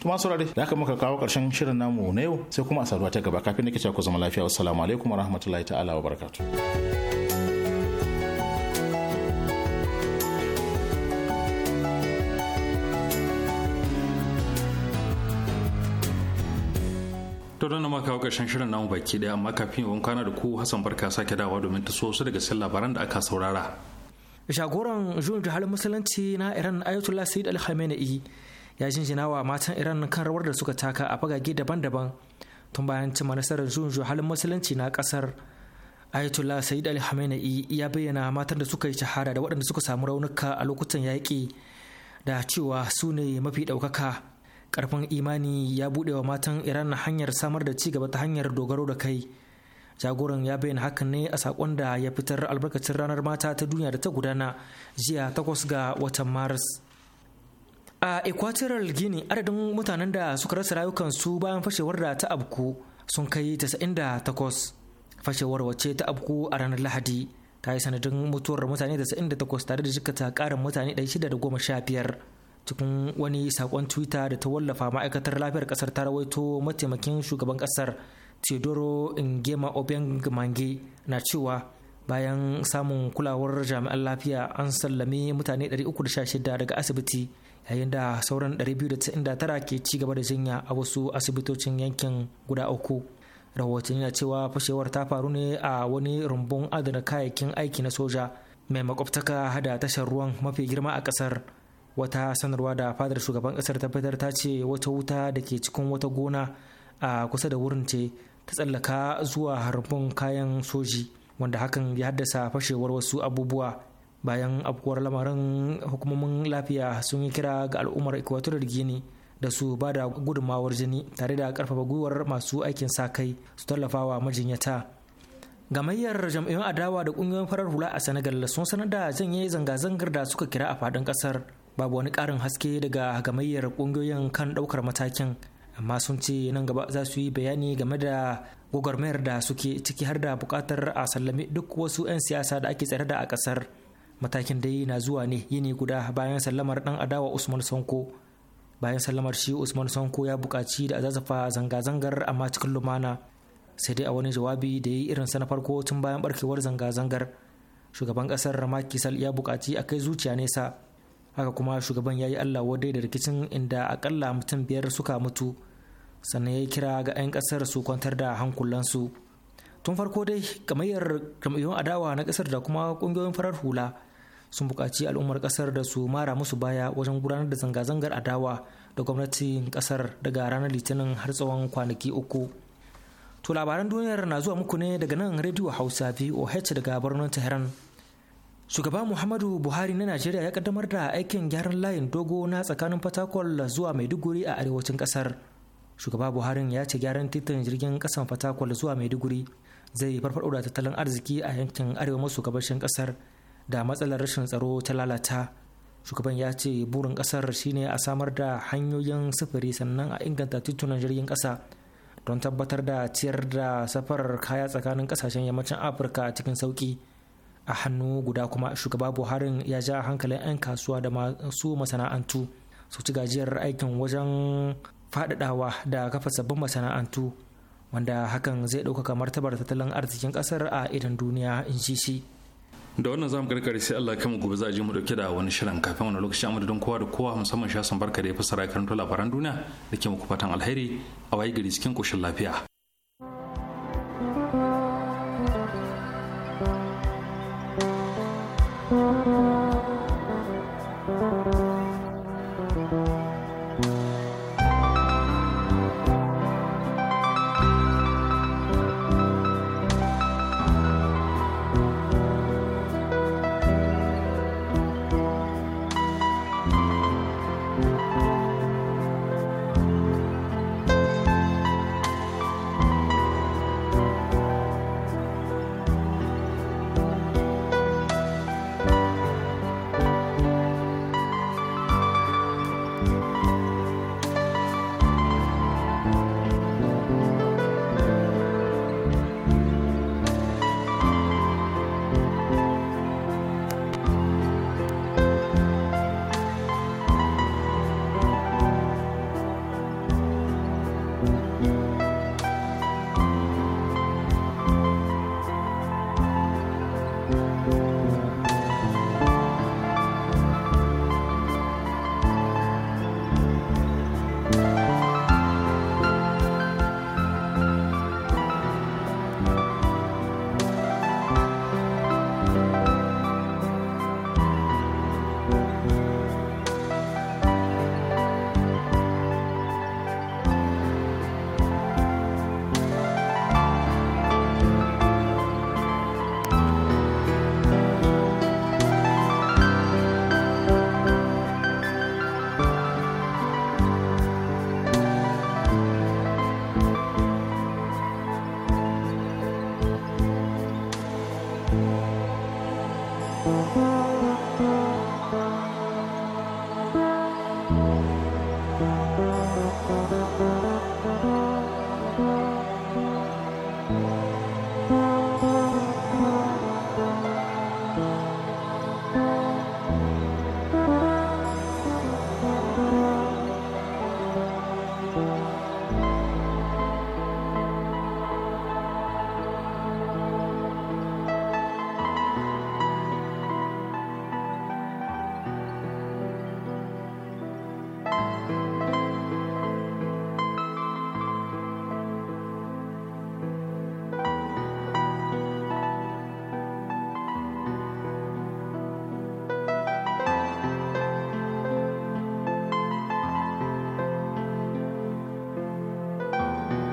kuma saurari da aka muka kawo karshen shirin namu na yau sai kuma a saduwa ta gaba kafin nake cewa ku zama lafiya wassalamu alaikum warahmatullahi ta'ala wa barakatuh kuma kawo ƙarshen shirin namu baki daya amma kafin yawan kwana da ku Hassan Barka sake dawa domin ta so su daga sai labaran da aka saurara. Jagoran juyin halin musulunci na Iran Ayatollah Sayyid Ali Khamenei ya jinjina wa matan Iran kan rawar da suka taka a fagage daban-daban tun bayan cimma nasarar juyin halin musulunci na kasar Ayatollah Sayyid Ali Khamenei ya bayyana matan da suka yi shahada da waɗanda suka samu raunuka a lokutan yaƙi da cewa su ne mafi ɗaukaka karfin imani ya buɗe wa matan iran hanyar samar da ci gaba ta hanyar dogaro da kai jagoran ya bayyana hakan ne a sakon da ya fitar albarkacin ranar mata ta duniya da ta gudana jiya takwas ga watan maris a equatorial guinea adadin mutanen da suka rasa rayukansu bayan fashewar da ta abku sun kai 98 fashewar wacce ta abku a ranar lahadi ta yi sanadin mutuwar mutane 98 tare da jikata karin mutane sha biyar. cikin wani sakon twitter da ta wallafa ma'aikatar lafiyar kasar ta rawaito mataimakin shugaban kasar teodoro ngema obeng mange na cewa bayan samun kulawar jami'an lafiya an sallame mutane 316 daga asibiti yayin da sauran 299 ke ci gaba da jinya a wasu asibitocin yankin guda uku rahoton yana cewa fashewar ta faru ne a wani rumbun adana kayayyakin aiki na soja mai makwabtaka hada tashar ruwan mafi girma a kasar wata sanarwa da fadar shugaban kasar ta fitar ta ce wata wuta da ke cikin wata gona a kusa da wurin ce ta tsallaka zuwa harbin kayan soji wanda hakan ya haddasa fashewar wasu abubuwa bayan afkuwar lamarin hukumomin lafiya sun yi kira ga al'ummar equatorial gini da su ba da gudunmawar jini tare da karfafa gwiwar masu aikin sa kai su tallafa wa majinyata gamayyar jam'iyyun adawa da kungiyoyin farar hula a senegal sun sanar da janye zanga-zangar da suka kira a fadin kasar babu wani karin haske daga gamayyar kungiyoyin kan daukar matakin amma sun ce nan gaba za su yi bayani game da gwagwarmayar da suke ciki har da bukatar a sallami duk wasu 'yan siyasa da ake tsare da a kasar matakin dai na zuwa ne yini guda bayan sallamar dan adawa usman sanko bayan sallamar shi usman sonko ya bukaci da azazafa zazzafa zanga-zangar amma cikin lumana sai dai a wani jawabi da ya yi irinsa na farko tun bayan barkewar zanga-zangar shugaban kasar Macky sal ya bukaci a kai zuciya nesa haka kuma shugaban ya yi allah wadai da rikicin inda akalla mutum biyar suka mutu sannan ya yi kira ga 'yan kasar su kwantar da hankulansu tun farko dai gamayyar gamayyun adawa na kasar da kuma kungiyoyin farar hula sun buƙaci al'ummar kasar da su mara musu baya wajen gudanar da zanga-zangar adawa da gwamnatin kasar daga ranar litinin har tsawon kwanaki uku to labaran duniyar na zuwa muku ne daga nan rediyo hausa voh daga birnin tehran shugaba muhammadu buhari na najeriya ya kaddamar da aikin gyaran layin dogo na tsakanin fatakwal zuwa maiduguri a arewacin kasar shugaba buhari ya ce gyaran titin jirgin kasan fatakwal zuwa maiduguri zai farfaɗo da tattalin arziki a yankin arewa maso gabashin kasar da matsalar rashin tsaro ta lalata shugaban ya ce burin kasar shine a samar da hanyoyin sufuri sannan a inganta titunan jirgin kasa don tabbatar da ciyar da safarar kaya tsakanin kasashen yammacin afirka cikin sauki a hannu guda kuma shugaba buharin ya ja hankalin 'yan kasuwa da masu masana'antu su ci gajiyar aikin wajen faɗaɗawa da kafa sabbin masana'antu wanda hakan zai ɗaukaka martabar tattalin arzikin kasar a idan duniya in shi shi da wannan zamu karkare sai Allah mu gobe za a je mu dauke da wani shirin kafin wani lokaci amma don kowa da kowa musamman shasan barka da ya fassara karanto labaran duniya da ke muku fatan alheri a waye gari cikin koshin lafiya